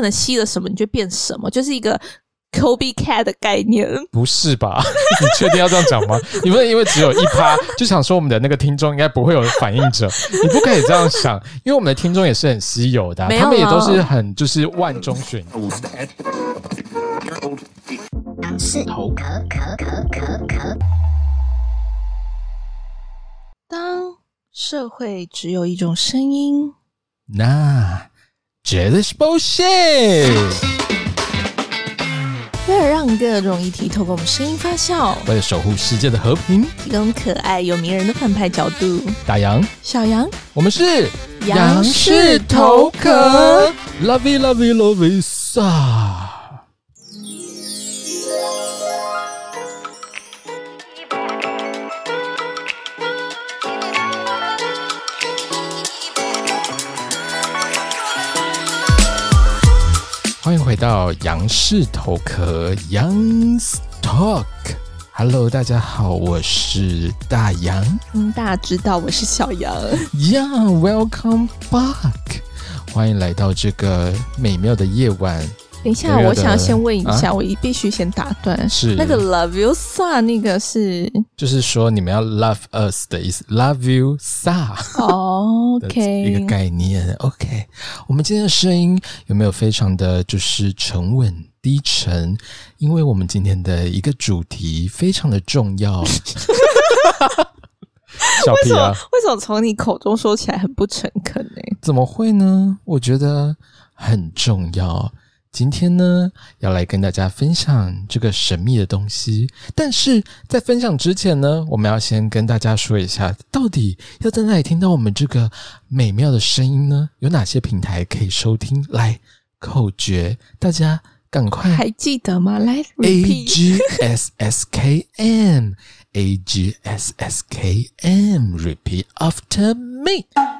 可能吸了什麼你就變什麼，就是一個 Kobe Cat 的概念。不是吧？你確定要這樣講嗎？因 為因為只有一趴，就想說我們的那個聽眾應該不會有反應者。 你不可以這樣想，因為我們的聽眾也是很稀有的、啊有啊，他們也都是很就是萬中選一。當、啊、當社會只有一種聲音，那。Jelly's bullshit。為了讓各種議題透過我們聲音發酵，為了守護世界的和平，提供可愛又迷人的反派角度，大楊小楊，我們是楊式頭殼，Lovey Lovey Lovey 莎。歡迎回到楊氏頭殼 Young Talk。h e 大家好，我是大楊。嗯，大家知道我是小楊。Yeah，welcome back。歡迎來到這個美妙的夜晚。等一下，對對對對對，我想要先問一下，啊、我必須先打斷。是那個 “love you, sir” 那個是，就是說你們要 “love us” 的意思，“love you, sir”、oh, OK，一個概念。OK，我們今天的聲音有沒有非常的就是沉穩低沉？因為我們今天的一個主題非常的重要。 笑啊、為什麼？為什麼從你口中說起來很不誠懇呢？怎麼會呢？我覺得很重要。今天呢，要來跟大家分享這個神秘的東西。但是在分享之前呢，我們要先跟大家說一下，到底要在哪裡聽到我們這個美妙的聲音呢？有哪些平台可以收聽？來，口訣，大家趕快還記得嗎？來，A G S S K M，A G S S K M，Repeat after me。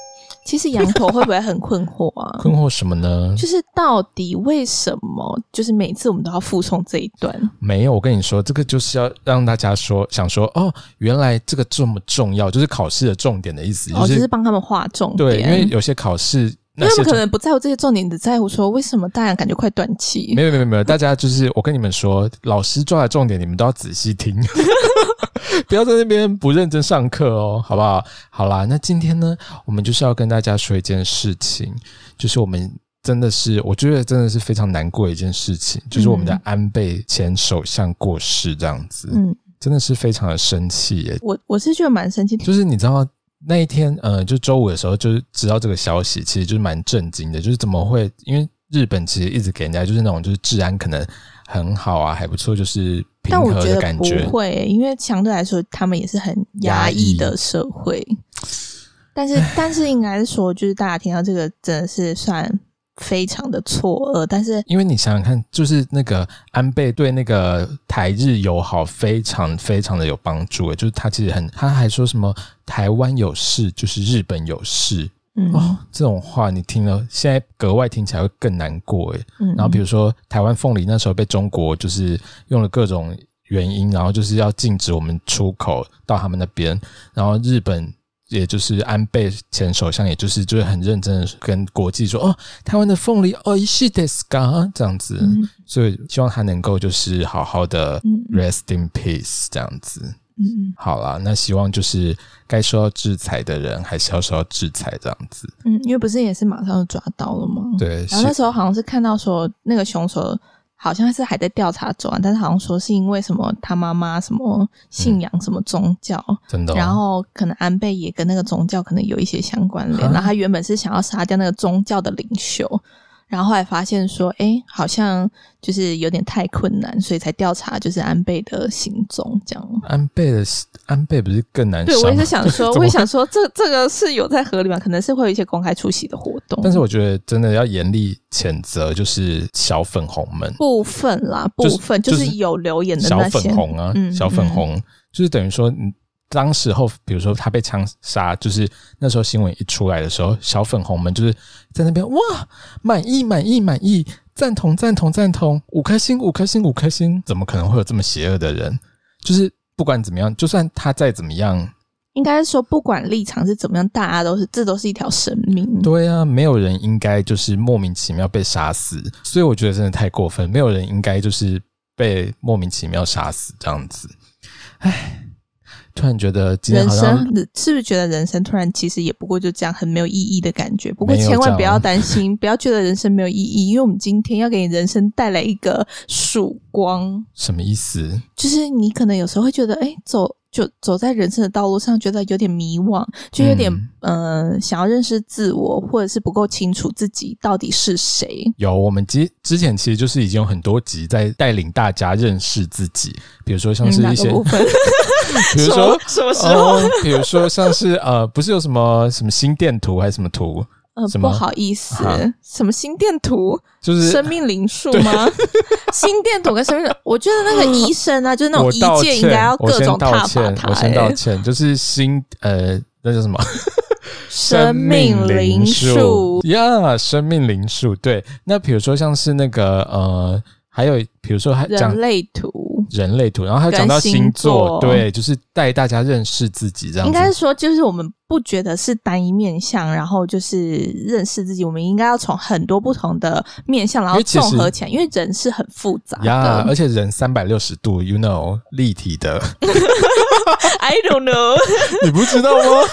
其實羊駝會不會很困惑啊？ 困惑什麼呢？就是到底為什麼？就是每次我們都要複誦這一段。沒有，我跟你說，這個就是要讓大家說，想說哦，原來這個這麼重要，就是考試的重點的意思。就是、哦，就是幫他們畫重點。對，因為有些考試。那他們可能不在乎這些重點，你只在乎說為什麼大家感覺快斷氣。沒有沒有沒有，大家就是我跟你們說，老師抓的重點，你們都要仔細聽， 不要在那邊不認真上課哦，好不好？好啦，那今天呢，我們就是要跟大家說一件事情，就是我們真的是我覺得真的是非常難過的一件事情，就是我們的安倍前首相過世這樣子，嗯，真的是非常的生氣耶。我我是覺得蠻生氣，就是你知道。那一天，呃，就週五的時候，就是知道這個消息，其實就是蠻震驚的。就是怎麼會？因為日本其實一直給人家就是那種就是治安可能很好啊，還不錯，就是平和的感覺。但我覺得不會欸，因為相對來說，他們也是很壓抑的社會。但是，但是，應該說，就是大家聽到這個，真的是算。非常的錯愕，但是因為你想想看，就是那個安倍對那個台日友好非常非常的有幫助誒，就是他其實很，他還說什麼台灣有事就是日本有事。嗯哦，這種話你聽了現在格外聽起來會更難過誒，嗯，然後比如說台灣鳳梨那時候被中國就是用了各種原因，然後就是要禁止我們出口到他們那邊，然後日本，也就是安倍前首相，也就是就是很認真的跟國際說：“哦，台灣的鳳梨哦，美味しいですか？這樣子。嗯”所以希望他能夠就是好好的、嗯、，rest in peace 這樣子。嗯，好啦，那希望就是該受到制裁的人還是要受到制裁這樣子。嗯，因為不是也是馬上就抓到了嗎？對，然後那時候好像是看到說那個凶手。好像是還在調查中啊，但是好像說是因為什麼他媽媽什麼信仰什麼宗教，嗯，真的哦，然後可能安倍也跟那個宗教可能有一些相關聯，然後他原本是想要殺掉那個宗教的領袖。然後還發現說，哎，好像就是有點太困難，所以才調查就是安倍的行蹤這樣。安倍的安倍不是更難。對，我也是想說，我 也想說，這這個是有在合理嘛？可能是會有一些公開出席的活動。但是我覺得真的要嚴厲譴責，就是小粉紅們。部分啦，部分、就是、就是有留言的那些、就是、小粉紅啊，嗯嗯小粉紅就是等於說。當時候，比如說他被槍殺，就是那時候新聞一出來的時候，小粉紅們就是在那邊哇，滿意、滿意、滿意，贊同、贊同、贊同，五顆星、五顆星、五顆星，怎麼可能會有這麼邪惡的人？就是不管怎麼樣，就算他再怎麼樣，應該說不管立場是怎麼樣，大家都是這都是一條生命。對啊，沒有人應該就是莫名其妙被殺死，所以我覺得真的太過分，沒有人應該就是被莫名其妙殺死這樣子，哎。突然覺得好人生是不是覺得人生突然其實也不過就這樣很沒有意義的感覺？不過千萬不要擔心，不要覺得人生沒有意義，因為我們今天要給你人生帶來一個曙光。什麼意思？就是你可能有時候會覺得，哎、欸，走。就走在人生的道路上，覺得有點迷惘，就有點嗯、呃，想要認識自我，或者是不夠清楚自己到底是誰。有我們之之前，其實就是已經有很多集在帶領大家認識自己，比如說像是一些，嗯、部分 比如說什麼、呃，比如說像是呃，不是有什麼什麼心電圖還是什麼圖？呃，不好意思，什麼心電圖？就是生命靈數嗎？心電圖跟生命 我覺得那個醫生啊，就是那種醫界，應該要各種、欸、我先道歉。台，我先道歉，就是心呃，那叫什麼？生命靈數 y 生命靈數、yeah,，對。那比如說像是那個呃。還有，比如說他，還講人類圖、人類圖，然後還講到星座、星座，對，就是帶大家認識自己這樣子。應該是說，就是我們不覺得是單一面相，然後就是認識自己。我們應該要從很多不同的面相，然後綜合起來因，因為人是很複雜的，yeah, 而且人三百六十度，you know，立體的。 I don't know， 你不知道嗎？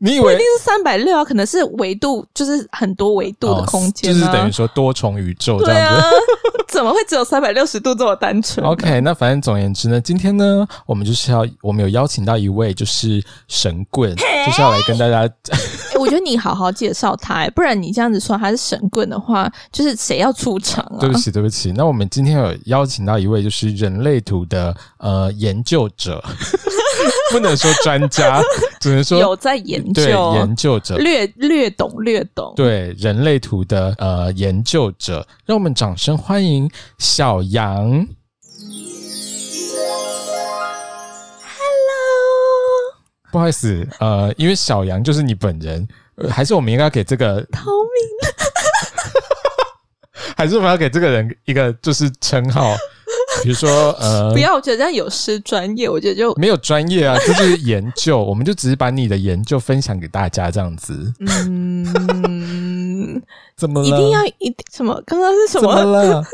你以為肯定是三百六？可能是維度，就是很多維度的空間，啊哦，就是等於說多重宇宙這樣子。怎麼會只有三百六十度這麼單純？OK，那反正總言之呢，今天呢，我們就是要我們有邀請到一位就是神棍，hey! 就是要來跟大家、hey! 欸。我覺得你好好介紹他，不然你這樣子說他是神棍的話，就是誰要出場啊？對不起，對不起，那我們今天有邀請到一位就是人類圖的呃研究者。 不能說專家， 只能說有在研究，研究者略略懂，略懂。對人類圖的呃研究者，讓我們掌聲歡迎小楊。Hello，不好意思，呃，因為小楊就是你本人，還是我們應該要給這個？逃命？ 還是我們要給這個人一個就是稱號？比如說，呃，不要，我覺得這樣有失專業。我覺得就沒有專業啊，就是研究， 我們就只是把你的研究分享給大家這樣子。 嗯 怎麼啦？剛剛，怎麼一定要一什麼？剛剛是什麼了？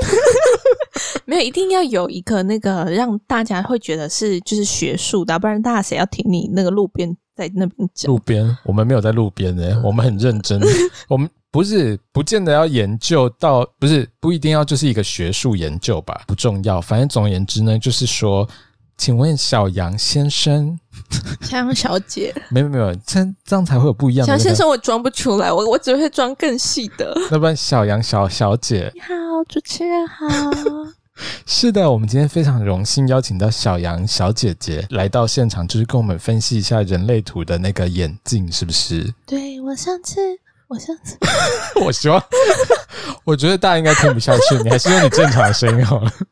沒有，一定要有一個那個讓大家會覺得是就是學術的，不然大家誰要聽你那個路邊在那邊講？路邊？我們沒有在路邊的，欸，我們很認真。 我們。不是，不見得要研究到，不是，不一定要就是一個學術研究吧，不重要。反正總而言之呢，就是說，請問小楊先生、小楊小姐， 沒有沒有，這這樣才會有不一樣的、那個。小楊先生，我裝不出來，我我只會裝更細的。那不然，小楊小小姐，你好，主持人好。 是的，我們今天非常榮幸邀請到小楊小姐姐來到現場，就是跟我們分析一下人類圖的那個眼鏡，是不是？對，我上次。我上次，我希望， 我覺得大家應該聽不下去，你還是用你正常的聲音好了。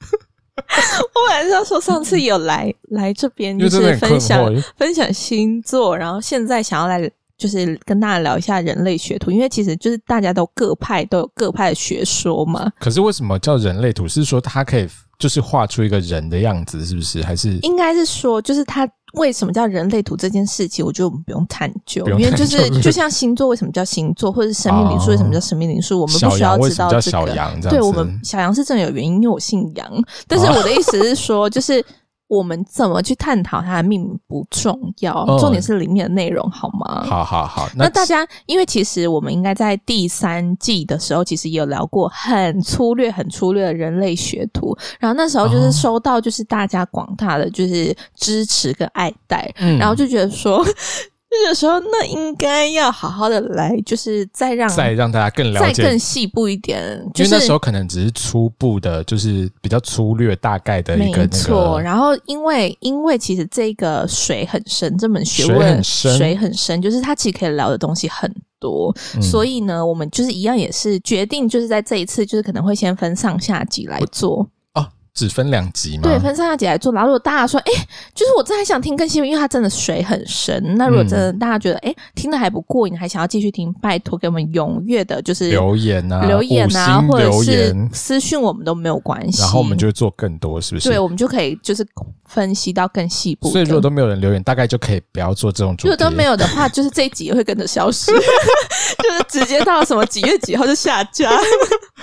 我本來是要說上次有來來這邊就 是分享分享星座，然後現在想要來就是跟大家聊一下人類學圖，因為其實就是大家都各派都有各派的學說嘛。可是為什麼叫人類圖？是說它可以就是畫出一個人的樣子，是不是？還是應該是說，就是它。為什麼叫人類圖這件事情，我覺得我們不用探究，因為就是，就像星座為什麼叫星座，或者是生命靈數為什麼叫生命靈數，我們不需要知道這個。小楊為什麼叫小楊這樣子。對，我們小楊是真的有原因，因為我姓楊。但是我的意思是說，哦、就是。 我們怎麼去探討它的命？不重要、哦，重點是裡面的內容好嗎？好好好，好那，那大家，因為其實我們應該在第三季的時候，其實也有聊過很粗略、很粗略的人類學圖，然後那時候就是收到就是大家廣大的就是支持跟愛戴，哦、然後就覺得說。嗯 這個時候，那應該要好好的來，就是再讓再讓大家更了解、再更細部一點、就是。因為那時候可能只是初步的，就是比較粗略、大概的一個、那個。沒錯。然後，因為因為其實這個水很深，這門學問水很深，水很深，就是它其實可以聊的東西很多。嗯、所以呢，我們就是一樣也是決定，就是在這一次，就是可能會先分上下集來做。只分兩集嘛？對，分上下集來做。然後如果大家說，哎、欸，就是我真的還想聽更細，因為它真的水很深。那如果真的、嗯、大家覺得，哎、欸，聽的還不過癮，還想要繼續聽，拜托給我們踴躍的，就是留言啊、留言啊，留言或者是私訊我們都沒有關係。然後我們就會做更多，是不是？對，我們就可以就是分析到更細部。所以如果都沒有人留言，大概就可以不要做這種主題。如果都沒有的話， 就是這一集也會跟着消失， 就是直接到什麼幾月幾號就下架。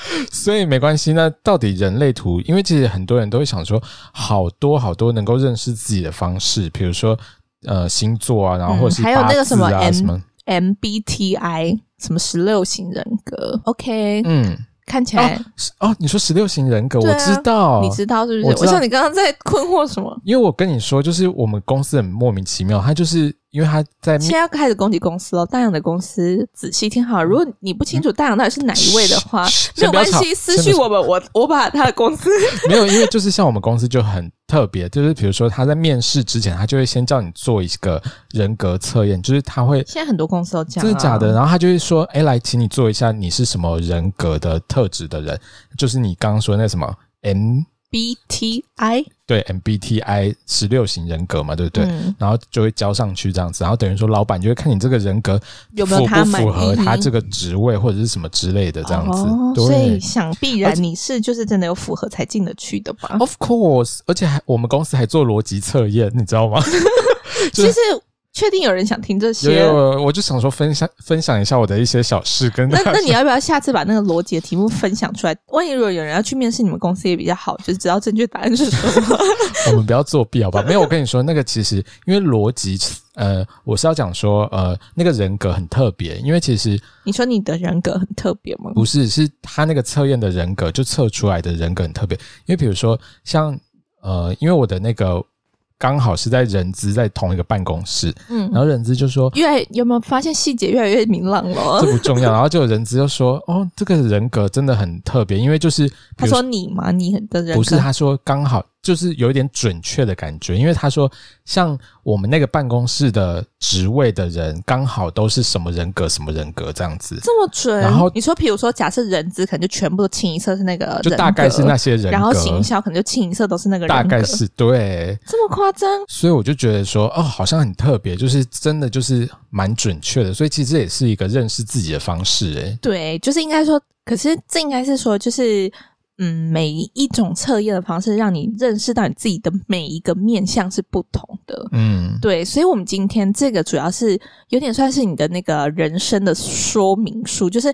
所以沒關係。那到底人類圖？因為其實很多人都會想說，好多好多能夠認識自己的方式，比如說呃星座啊，然後或者、啊嗯、還有那個什麼 M MBTI 什麼十六型人格。OK，嗯，看起來哦，哦，你說十六型人格，啊、我知道、哦，你知道是不是？我想你剛剛在困惑什麼？因為我跟你說，就是我們公司很莫名其妙，他就是。因為他在，現在要開始攻擊公司嘍，大洋的公司，仔細聽好，如果你不清楚大洋到底是哪一位的話，嗯、沒有關係，私信我們，我我把他的公司 沒有，因為就是像我們公司就很特別，就是比如說他在面試之前，他就會先叫你做一個人格測驗，就是他會現在很多公司都這樣、啊，真的假的？然後他就會說，哎、欸，來，請你做一下，你是什麼人格的特質的人？就是你剛剛說的那什麼 MBTI。M 對，MBTI 十六型人格嘛，對不對、嗯？然後就會交上去這樣子，然後等於說老闆就會看你這個人格有沒有符不符合他這個職位或者是什麼之類的這樣子、嗯對。所以想必然你是就是真的有符合才進得去的吧？Of course，而且還我們公司還做邏輯測驗，你知道嗎？其 實、就是。就是確定有人想聽這些？有，有，有，我就想說分享分享一下我的一些小事跟。那那你要不要下次把那個邏輯的題目分享出來？萬一如果有人要去面試你們公司也比較好，就是知道正確答案是什麼。 我們不要作弊好吧？ 沒有，我跟你說，那個其實因為邏輯，呃，我是要講說，呃，那個人格很特別，因為其實你說你的人格很特別嗎？不是，是他那個測驗的人格就測出來的人格很特別，因為比如說像呃，因為我的那個。剛好是在人資在同一個辦公室，嗯，然後人資就說，越來越有沒有發現細節越來越明朗了？這不重要，然後就有人資就說， 哦，這個人格真的很特別，因為就是他說你嘛，你的人。不是他說剛好。就是有一點準確的感覺，因為他說，像我們那個辦公室的職位的人，剛好都是什麼人格，什麼人格這樣子。這麼準？然後你說，比如說假，假設人資可能就全部都清一色是那個人格，就大概是那些人格。然後行銷可能就清一色都是那個人，大概是對。這麼誇張？所以我就覺得說，哦，好像很特別，就是真的就是蠻準確的。所以其實也是一個認識自己的方式，欸，哎。對，就是應該說，可是這應該是說，就是。嗯，每一種測驗的方式讓你認識到你自己的每一個面向是不同的。嗯，對，所以，我們今天這個主要是有點算是你的那個人生的說明書，就是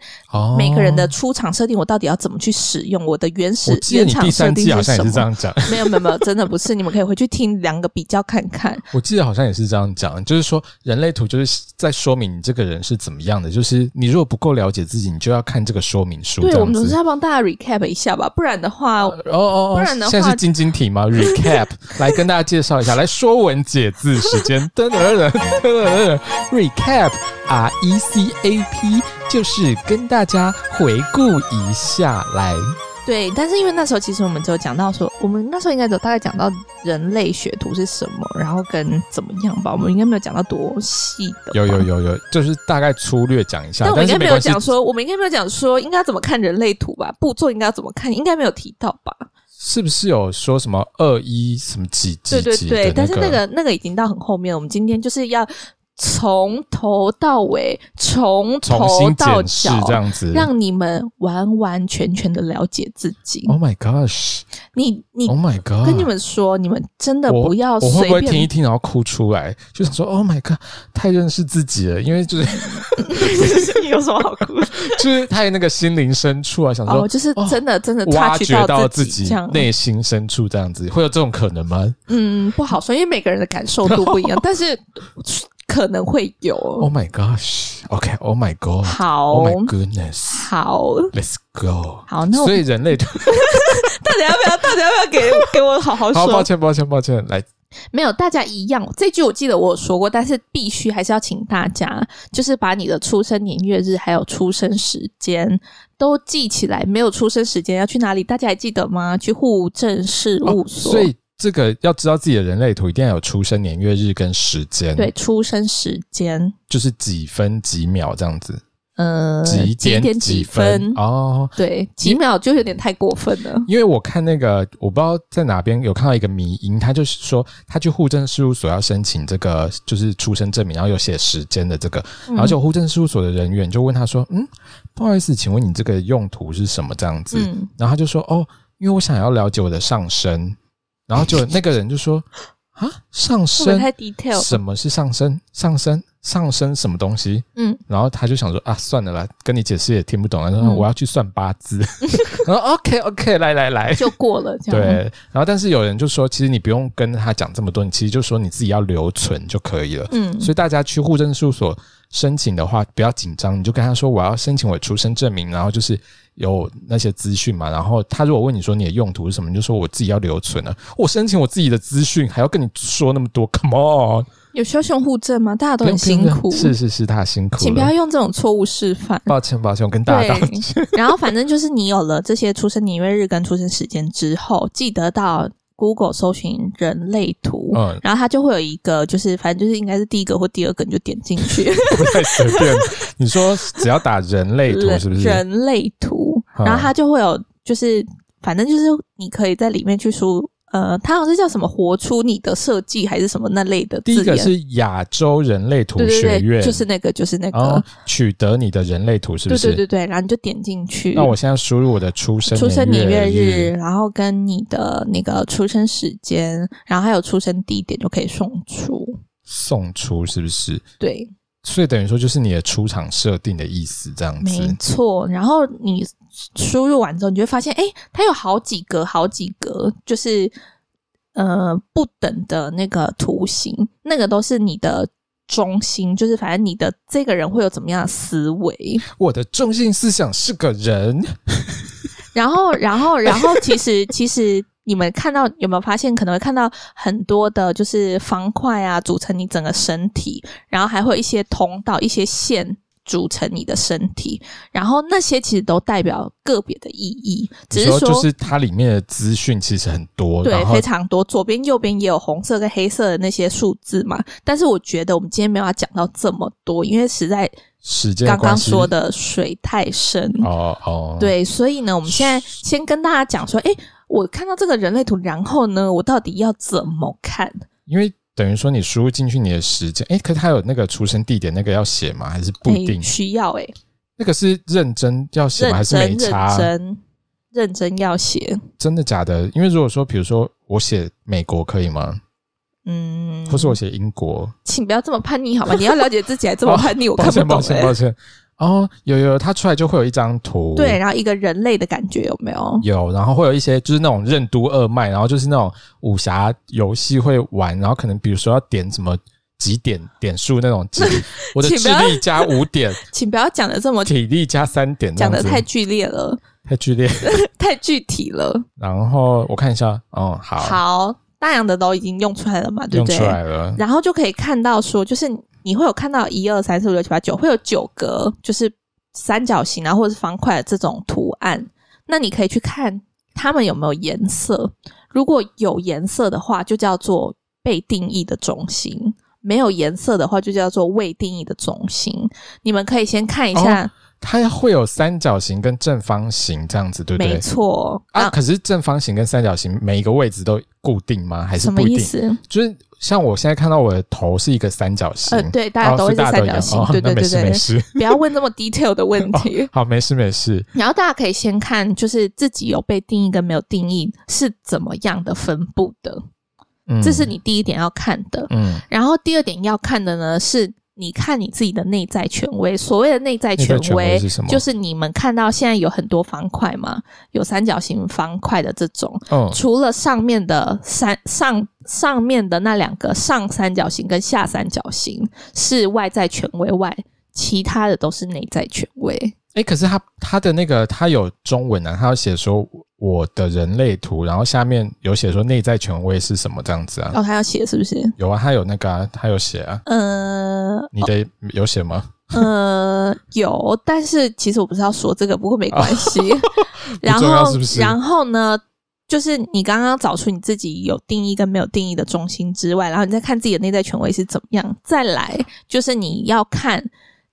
每個人的出場設定，我到底要怎麼去使用我的原始原廠設定？我記得第三季好像也是這樣講。沒有，沒有，沒有，真的不是。 你們可以回去聽兩個比較看看。我記得好像也是這樣講，就是說人類圖就是在說明你這個人是怎麼樣的。就是你如果不夠了解自己，你就要看這個說明書。對，我們總是要幫大家 recap 一下吧。不然的話，哦哦，不然現在是晶晶體嗎？Recap 來跟大家介紹一下， 來說文解字時間，等等等等等等，Recap R E C A P 就是跟大家回顧一下來。對，但是因為那時候其實我們只有講到說，我們那時候應該有大概講到人類學圖是什麼，然後跟怎麼樣吧，我們應該沒有講到多細的。有有有有，就是大概粗略講一下，但我們應該沒有講說，我們應該沒有講說應該怎麼看人類圖吧，步驟應該要怎麼看，應該沒有提到吧？是不是有說什麼二一什麼幾幾級的那個？對對對，但是那個那個已經到很後面了，我們今天就是要。從頭到尾，從頭到腳這樣子，讓你們完完全全的了解自己。Oh my gosh！你你 Oh my gosh！跟你們說，你們真的不要隨便我，我會不會聽一聽然後哭出來？就想說 Oh my God，太認識自己了，因為就是有什麼好哭？ 就是他太那個心靈深處啊，想說、oh, 哦、就是真的真的挖掘到自己內心深處這樣子，會有這種可能嗎？嗯，不好說，因為每個人的感受度不一樣， 但是。可能會有。Oh my gosh. OK. Oh my god. Oh my goodness. 好。Let's go. 好，那所以人類 大家要不要？大家要不要給給我好好說？好，抱歉，抱歉，抱歉。來，沒有大家一樣。這句我記得我有說過，但是必須還是要請大家，就是把你的出生年月日還有出生時間都記起來。沒有出生時間要去哪裡？大家還記得嗎？去戶政事務所。哦所這個要知道自己的人類圖，一定要有出生年月日跟時間。對，出生時間就是幾分幾秒這樣子。呃，幾點幾分，幾點幾分哦？對，幾秒就有點太過分了。因為我看那個，我不知道在哪邊有看到一個迷因，他就是說他去戶政事務所要申請這個，就是出生證明，然後有寫時間的這個。嗯。然後就戶政事務所的人員就問他說：“嗯，不好意思，請問你這個用途是什麼？”這樣子，嗯。然後他就說：“哦，因為我想要了解我的上升。” 然後就那個人就說：“啊，上升，會不會太 detail？什麼是上升？上升？”上升什麼東西？嗯，然後他就想說啊，算了啦，跟你解釋也聽不懂了，說，嗯，我要去算八字。 然後 OK OK，來來來，就過了這樣。對，然後但是有人就說，其實你不用跟他講這麼多，你其實就說你自己要留存就可以了。嗯，所以大家去戶政事務所申請的話，不要緊張，你就跟他說我要申請我出生證明，然後就是有那些資訊嘛。然後他如果問你說你的用途是什麼，你就說我自己要留存啊，我申請我自己的資訊，還要跟你說那麼多？Come on！有需要，需要互證嗎？大家都很辛苦。是是是，大家辛苦。請不要用這種錯誤示範。抱歉抱歉，我跟大家道歉。對。然後反正就是你有了這些出生年月日跟出生時間之後，記得到 Google 搜尋人類圖。嗯，然後它就會有一個，就是反正就是應該是第一個或第二個，你就點進去。對 太隨便了。 你說只要打人類圖是不是？人類圖，然後它就會有，就是反正就是你可以在裡面去輸。呃，他好像是叫什麼“活出你的設計”還是什麼那類的字眼。第一個是亞洲人類圖學院。對對對，就是那個，就是那個，取得你的人類圖是不是？對對對對，然後你就點進去。那我現在輸入我的出生年月日、出生年月日，然後跟你的那個出生時間，然後還有出生地點，就可以送出。送出是不是？對，所以等於說就是你的出場設定的意思，這樣子沒錯。然後你。輸入完之後，你就會發現，哎、欸，它有好幾個、好幾個，就是呃不等的那個圖形，那個都是你的中心，就是反正你的這個人會有怎麼樣的思維？我的中心思想是個人。 然後，然後，然後，其實，其實，你們看到有沒有發現，可能會看到很多的，就是方塊啊，組成你整個身體，然後還會有一些通道、一些線。組成你的身體，然後那些其實都代表個別的意義，只是說，說就是它裡面的資訊其實很多，對，非常多。左邊右邊也有紅色跟黑色的那些數字嘛，但是我覺得我們今天沒有講到這麼多，因為實在時間剛剛說的水太深哦哦，對，所以呢，我們現在先跟大家講說，哎，我看到這個人類圖，然後呢，我到底要怎麼看？因為。等於說你輸入進去你的時間，誒、欸、可是他有那個出生地點那個要寫嗎？還是不一定、欸？需要誒、欸、那個是認真要寫嗎？還是沒差？認真要寫。真的假的？因為如果說，比如說我寫美國可以嗎？嗯，或是我寫英國？請不要這麼叛逆好嗎？你要了解自己還這麼叛逆， 我看不懂。抱歉，抱歉，抱歉。哦，有有，它出來就會有一張圖，對，然後一個人類的感覺有沒有？有，然後會有一些就是那種任督二脈，然後就是那種武俠遊戲會玩，然後可能比如說要點什麼幾點點數那種，我的智力加五點，請不要，請不要講的這麼體力加三點，講的太劇烈了，太劇烈了， 太具體了。然後我看一下，嗯，好好，大洋的都已經用出來了嘛，對不對？用出來了。然後就可以看到說，就是。你會有看到一二三四五六七八九，會有九格，就是三角形啊，然後或者是方塊的這種圖案。那你可以去看它們有沒有顏色。如果有顏色的話，就叫做被定義的中心，沒有顏色的話，就叫做未定義的中心。你們可以先看一下、哦，它會有三角形跟正方形這樣子，對不對？沒錯啊、嗯，可是正方形跟三角形每一個位置都固定嗎？還是不一定？什麼意思？就是。像我現在看到我的頭是一個三角形，嗯、呃，對，大家都會是三角形，哦哦、對對對，沒事沒事，不要問那麼 detail 的問題。 哦、好，沒事沒事。然後大家可以先看，就是自己有被定義跟沒有定義是怎麼樣的分布的，嗯、這是你第一點要看的，嗯，然後第二點要看的呢是。你看你自己的內在權威，所謂的內在權威,內在權威是什麼？，就是你們看到現在有很多方塊嘛，有三角形方塊的這種、哦。除了上面的三上上面的那兩個上三角形跟下三角形是外在權威外，其他的都是內在權威。誒、欸，可是他他的那個他有中文啊，他要寫說。我的人類圖，然後下面有寫說內在權威是什麼這樣子啊？哦，他要寫是不是？有啊，他有那個、啊，他有寫啊。嗯、呃，你得、哦、有寫嗎？嗯、呃，有，但是其實我不是要說這個，不過沒關係、哦 。然後然後呢，就是你剛剛找出你自己有定義跟沒有定義的中心之外，然後你再看自己的內在權威是怎麼樣。再來，就是你要看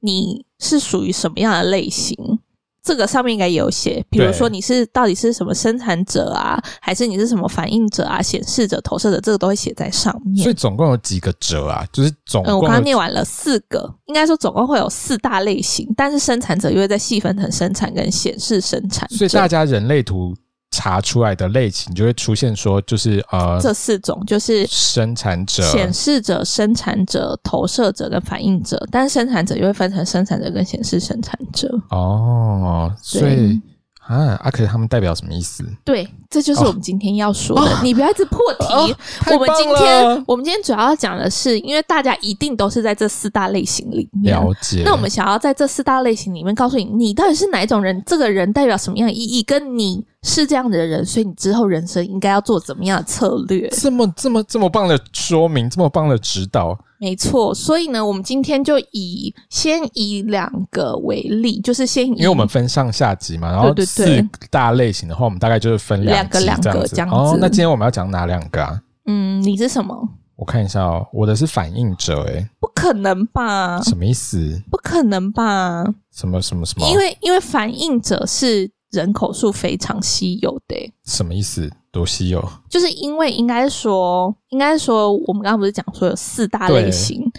你是屬於什麼樣的類型。這個上面應該也有寫，比如說你是到底是什麼生產者啊，還是你是什麼反映者啊、顯示者、投射者，這個都會寫在上面。所以總共有幾個折啊？就是總共、嗯、我剛剛念完了四個，應該說總共會有四大類型，但是生產者又會在細分成生產跟顯示生產。所以大家人類圖。查出來的類型就會出現說，就是呃，這四種就是生產者、顯示者、生產者、投射者跟反映者，但是生產者又會分成生產者跟顯示生產者。哦，所以啊，啊、啊、可是他們代表什麼意思？對。這就是我們今天要說的，哦、你不要一直破題、哦哦。我們今天，我們今天主要要講的是，因為大家一定都是在這四大類型裡面。了解那我們想要在這四大類型裡面告訴你，你到底是哪一種人，這個人代表什麼樣的意義，跟你是這樣子的人，所以你之後人生應該要做怎麼樣的策略。這麼這麼這麼棒的說明，這麼棒的指導。沒錯。所以呢，我們今天就以先以兩個為例，就是先以因為我們分上下集嘛，然後四大類型的話，對對對，我們大概就是分兩個。兩個兩個這樣子哦，那今天我們要講哪兩個啊？嗯，你是什麼？我看一下哦，我的是反映者。欸，哎，不可能吧？什麼意思？不可能吧？什麼什麼什麼？因為因為反映者是人口數非常稀有的。欸，什麼意思？多稀有？就是因為應該說，應該說，我們剛剛不是講說有四大類型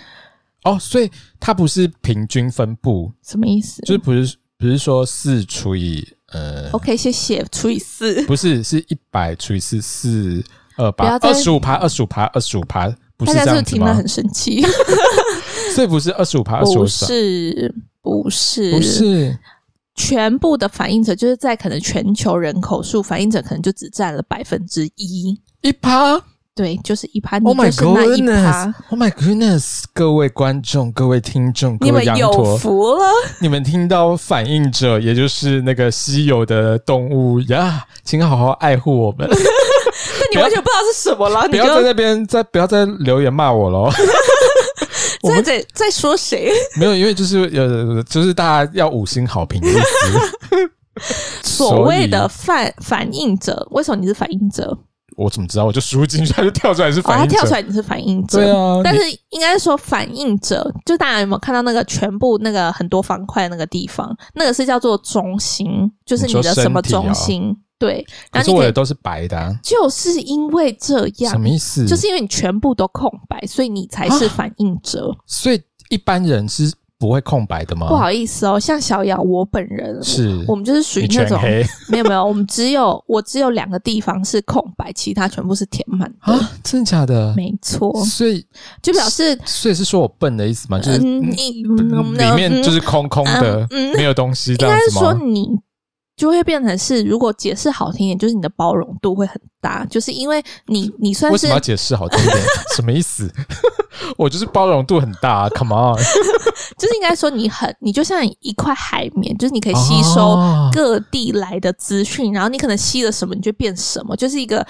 哦，所以它不是平均分布，什麼意思？就是不是不是說四除以。呃、嗯、OK，謝謝，除以四不是，是一百除以四四二百。二十五趴，二十五趴，二十五趴，不是這樣子嗎？大家就聽了很生氣，是 不是二十五趴？不是不是不是，全部的反映者就是在可能全球人口數反映者可能就只佔了百分之一一趴。對，就是一趴，Oh my goodness, 你就是那一趴。Oh my goodness，各位觀眾、各位聽眾，你們有福了！你們聽到反映者，也就是那個稀有的動物呀，yeah, 請好好愛護我們。那 你完全不知道是什麼了，你 不，不要在那邊再不要在留言罵我嘍。 在在在說誰？沒有，因為就是有，就是大家要五星好評。 所謂的反反映者，為什麼你是反映者？我怎麼知道？我就輸進去，它就跳出來是反映者。哦，它跳出來你是反映者，對啊。但是應該說反映者，就大家有沒有看到那個全部那個很多方塊那個地方，那個是叫做中心，就是你的什麼中心？哦、對。但是我的都是白的、啊。就是因為這樣什麼意思？就是因為你全部都空白，所以你才是反映者。啊、所以一般人是。不會空白的嗎？不好意思哦，像小姚我本人是，我們就是屬於那種沒有沒有，我們只有我只有兩個地方是空白， 其他全部是填滿的。啊，真的假的？沒錯，所以就表示，所以是說我笨的意思嗎？就是、嗯你嗯、裡面就是空空的，嗯嗯、沒有東西。應該是說你。就會變成是，如果解釋好聽一點，就是你的包容度會很大，就是因為你，你算是。為什麼要解釋好聽一點？ 什麼意思？ 我就是包容度很大啊，come on，就是應該說你很，你就像一塊海綿，就是你可以吸收各地來的資訊，啊，然後你可能吸了什麼，你就變什麼，就是一個。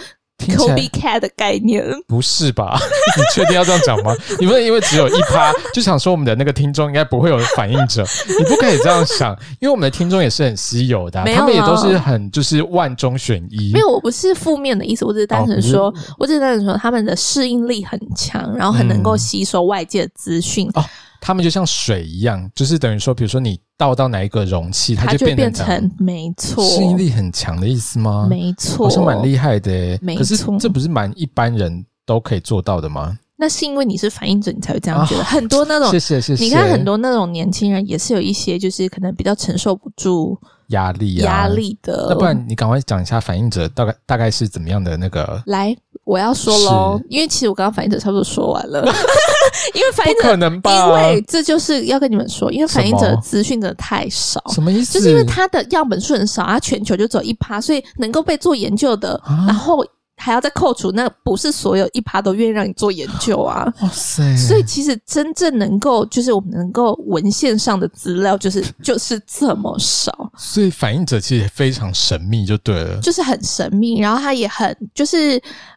Kobe Cat 的概念？不是吧？你確定要這樣講嗎？ 你不是因為只有一趴就想說我們的那個聽眾應該不會有反應者？你不可以這樣想，因為我們的聽眾也是很稀有的、啊有啊，他們也都是很就是萬中選一。沒有，我不是負面的意思，我只是單純說、哦，我只是單純說他們的適應力很強，然後很能夠吸收外界的資訊。嗯哦他們就像水一樣，就是等於說，比如說你倒到哪一個容器，它就會變成,它就變成，沒錯，適應力很強的意思嗎？沒錯，我是蠻厲害的。沒錯，可是這不是蠻一,一般人都可以做到的嗎？那是因為你是反映者，你才會這樣覺得。啊、很多那種，謝謝謝謝。你看很多那種年輕人也是有一些，就是可能比較承受不住壓力啊、壓力的。那不然你趕快講一下反映者大概大概是怎麼樣的那個來。我要說嘍，因為其實我剛剛反映者差不多說完了， 因為反映者可能，因為這就是要跟你們說，因為反映者資訊的太少什，什麼意思？就是因為他的樣本數很少，他全球就只有一趴，所以能夠被做研究的，啊、然後。還要再扣除，那不是所有一趴都願意讓你做研究啊！哇塞！所以其實真正能夠，就是我們能夠文獻上的資料，就是 就是這麼少。所以反映者其實也非常神秘，就對了。就是很神秘，然後他也很，就是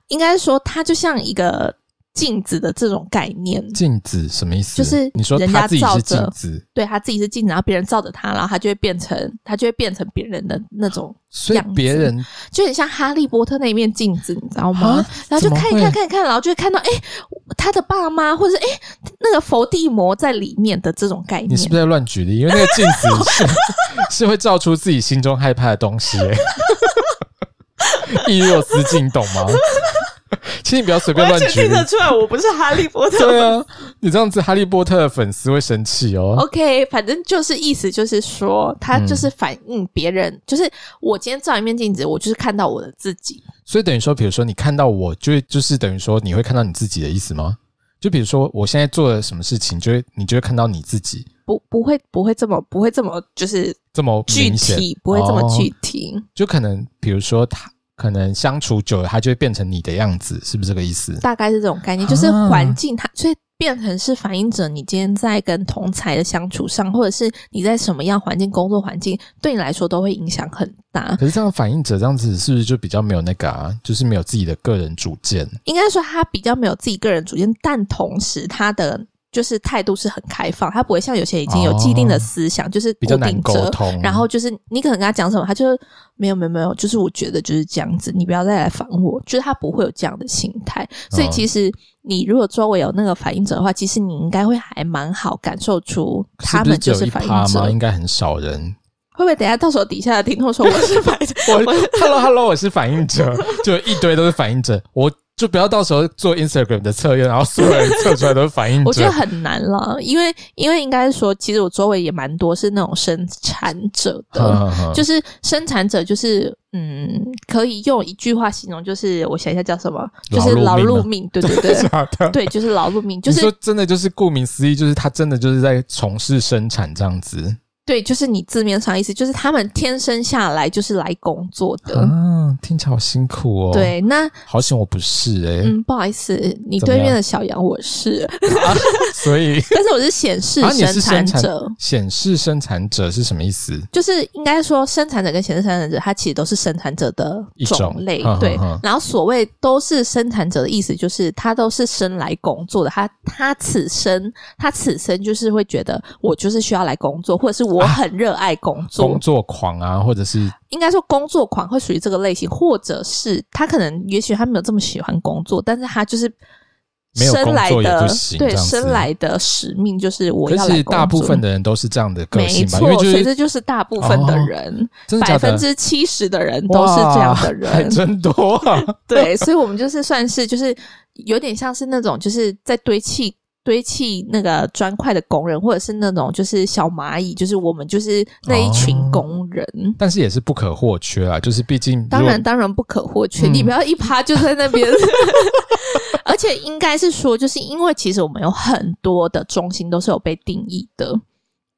應該說，他就像一個。鏡子的這種概念，鏡子什麼意思？就是你說他自己是鏡子，對，他自己是鏡子，然後別人照着他，然後他就會變成，他就會變成別人的那種。所以別人就很像哈利波特那一面鏡子，你知道嗎？然後就看一看，看一看，然後就會看到，哎、欸，他的爸媽，或者是哎、欸，那個佛地魔在裡面的這種概念，你是不是在亂舉例？因為那個鏡子是 是會照出自己心中害怕的東西，欸，意若思鏡，懂嗎？ 請 你不要隨便亂舉，聽得出來我不是哈利波特。 對啊，你這樣子哈利波特的粉絲會生氣哦。OK，反正就是意思就是說，他就是反映別人、嗯，就是我今天照一面鏡子，我就是看到我的自己。所以等於說，比如說你看到我，就就是等於說你會看到你自己的意思嗎？就比如說我現在做了什麼事情，就會你就會看到你自己？不，不會，不會這麼，不會這麼，就是這麼具體，不會這麼具體。哦、就可能比如說他。可能相處久了，他就會變成你的樣子，是不是這個意思？大概是這種概念，就是環境它，它、啊、所以變成是反映者。你今天在跟同儕的相處上，或者是你在什麼樣環境、工作環境，對你來說都會影響很大。可是這樣反映者這樣子，是不是就比較沒有那個啊？就是沒有自己的個人主見。應該說他比較沒有自己個人主見，但同時他的。就是態度是很開放，他不會像有些人已經有既定的思想，哦、就是定比較難溝通。然後就是你可能跟他講什麼，他就沒有沒有沒有，就是我覺得就是這樣子，你不要再來煩我。就是他不會有這樣的心態，所以其實你如果周圍有那個反應者的話，其實你應該會還蠻好感受出他們就是反應者，是是應該很少人，會不會等下到時候底下的聽眾說我是反應者 我 Hello Hello，我是反應者，就一堆都是反應者，我。就不要到時候做 Instagram 的測驗，然後所有人測出來都是反映者， 我覺得很難啦。因為因為應該說，其實我周圍也蠻多是那種生產者的，呵呵呵就是生產者，就是嗯，可以用一句話形容，就是我想一下叫什麼，勞碌命啊、就是勞碌命，對對對，真的假的？對，就是勞碌命，就是說真的，就是顧名思義，就是他真的就是在從事生產這樣子。對，就是你字面上意思，就是他們天生下來就是來工作的。嗯、啊，聽起來好辛苦哦。對，那好險我不是哎、欸。嗯，不好意思，你對面的小楊我是 、啊。所以， 但是我是顯示生產者。啊、顯示生產者是什麼意思？就是應該說生產者跟顯示生產者，它其實都是生產者的一種類。一種，對、嗯嗯嗯。然後所謂都是生產者的意思，就是他都是生來工作的。他他此生他 此生就是會覺得我就是需要來工作，或者是我。我很熱愛工作。啊，工作狂啊，或者是應該說工作狂會屬於這個類型，或者是他可能也許他沒有這麼喜歡工作，但是他就是生來的對，生來的使命就是我要。可是大部分的人都是這樣的個性，沒錯、就是，所以這就是大部分的人，百分之七十的人都是這樣的人，真多、啊。 對，所以我們就是算是就是有點像是那種就是在堆砌。堆砌那個磚塊的工人，或者是那種就是小螞蟻，就是我們就是那一群工人，哦、但是也是不可或缺啊。就是畢竟，當然當然不可或缺、嗯。你不要一趴就在那邊。 而且應該是說，就是因為其實我們有很多的中心都是有被定義的，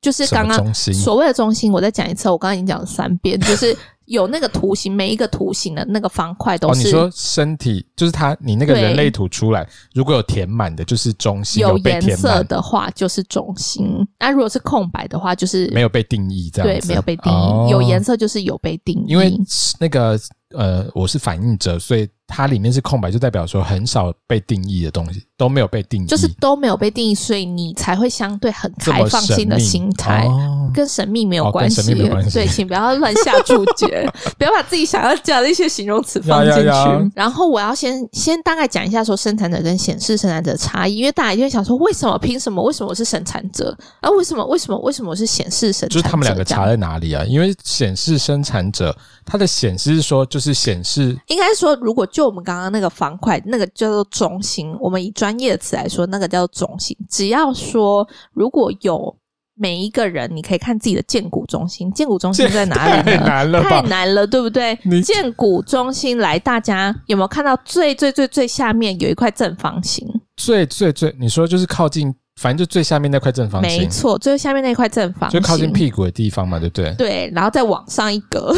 就是剛剛所謂的中心，中心，我再講一次，我剛剛已經講了三遍，就是。有那個圖形，每一個圖形的那個方塊都是。哦，你說身體就是它，你那個人類圖出來，如果有填滿的，就是中心；有顏色的話，就是中心。那、啊、如果是空白的話，就是沒有被定義，這樣子。對，沒有被定義。哦、有顏色就是有被定義。因為那個呃，我是反映者，所以。它裡面是空白，就代表說很少被定義的東西都沒有被定義，就是都沒有被定義，所以你才會相對很開放性的心態，哦，跟神秘沒有關係，哦。對，請不要亂下注解， 不要把自己想要講的一些形容詞放進去呀呀呀。然後我要先先大概講一下說生產者跟顯示生產者的差異，因為大家就會想說為什麼憑什麼為什麼我是生產者，啊為什麼為什麼為什麼我是顯示生產者？就是他們兩個差在哪裡啊？因為顯示生產者他的顯示是說就是顯示，應該說如果。就我們剛剛那個方塊，那個叫做中心。我們以專業的詞來說，那個叫做中心。只要說，如果有每一個人，你可以看自己的薦骨中心，薦骨中心在哪裡？太難了吧？太難了，對不對？薦骨中心來，大家有沒有看到最最最最下面有一塊正方形？最最最，你說就是靠近。反正就最下面那塊正方形，沒錯，最下面那塊正方形，就是、靠近屁股的地方嘛，對不對？對，然後再往上一格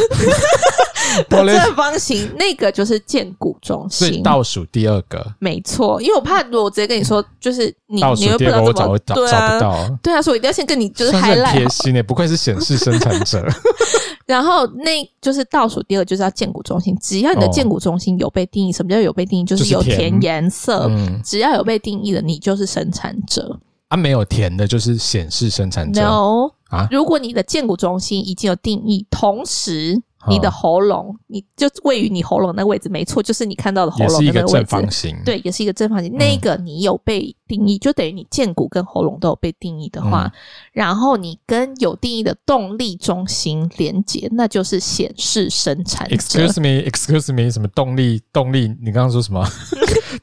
正方形， 那個就是薦骨中心，倒數第二個，沒錯。因為我怕如果我直接跟你說，就是你倒數第二個我找你會不、啊、我找，找不到，對啊，所以我一定要先跟你就是嗨啦，貼心的、欸，不愧是顯示生產者。 然後那就是倒數第二就是要薦骨中心，只要你的薦骨中心有被定義，哦、什麼叫有被定義？就是有填顏色、就是，只要有被定義的，你就是生產者。它、啊、沒有填的，就是顯示生產者 No 啊！如果你的薦骨中心已經有定義，同時你的喉嚨，你就位於你喉嚨那個位置，沒錯，就是你看到的喉嚨那個位置，也是一個正方形。對，也是一個正方形。嗯、那個你有被定義，就等於你薦骨跟喉嚨都有被定義的話、嗯，然後你跟有定義的動力中心連接，那就是顯示生產者 Excuse me, excuse me，什麼動力？動力？你剛剛說什麼？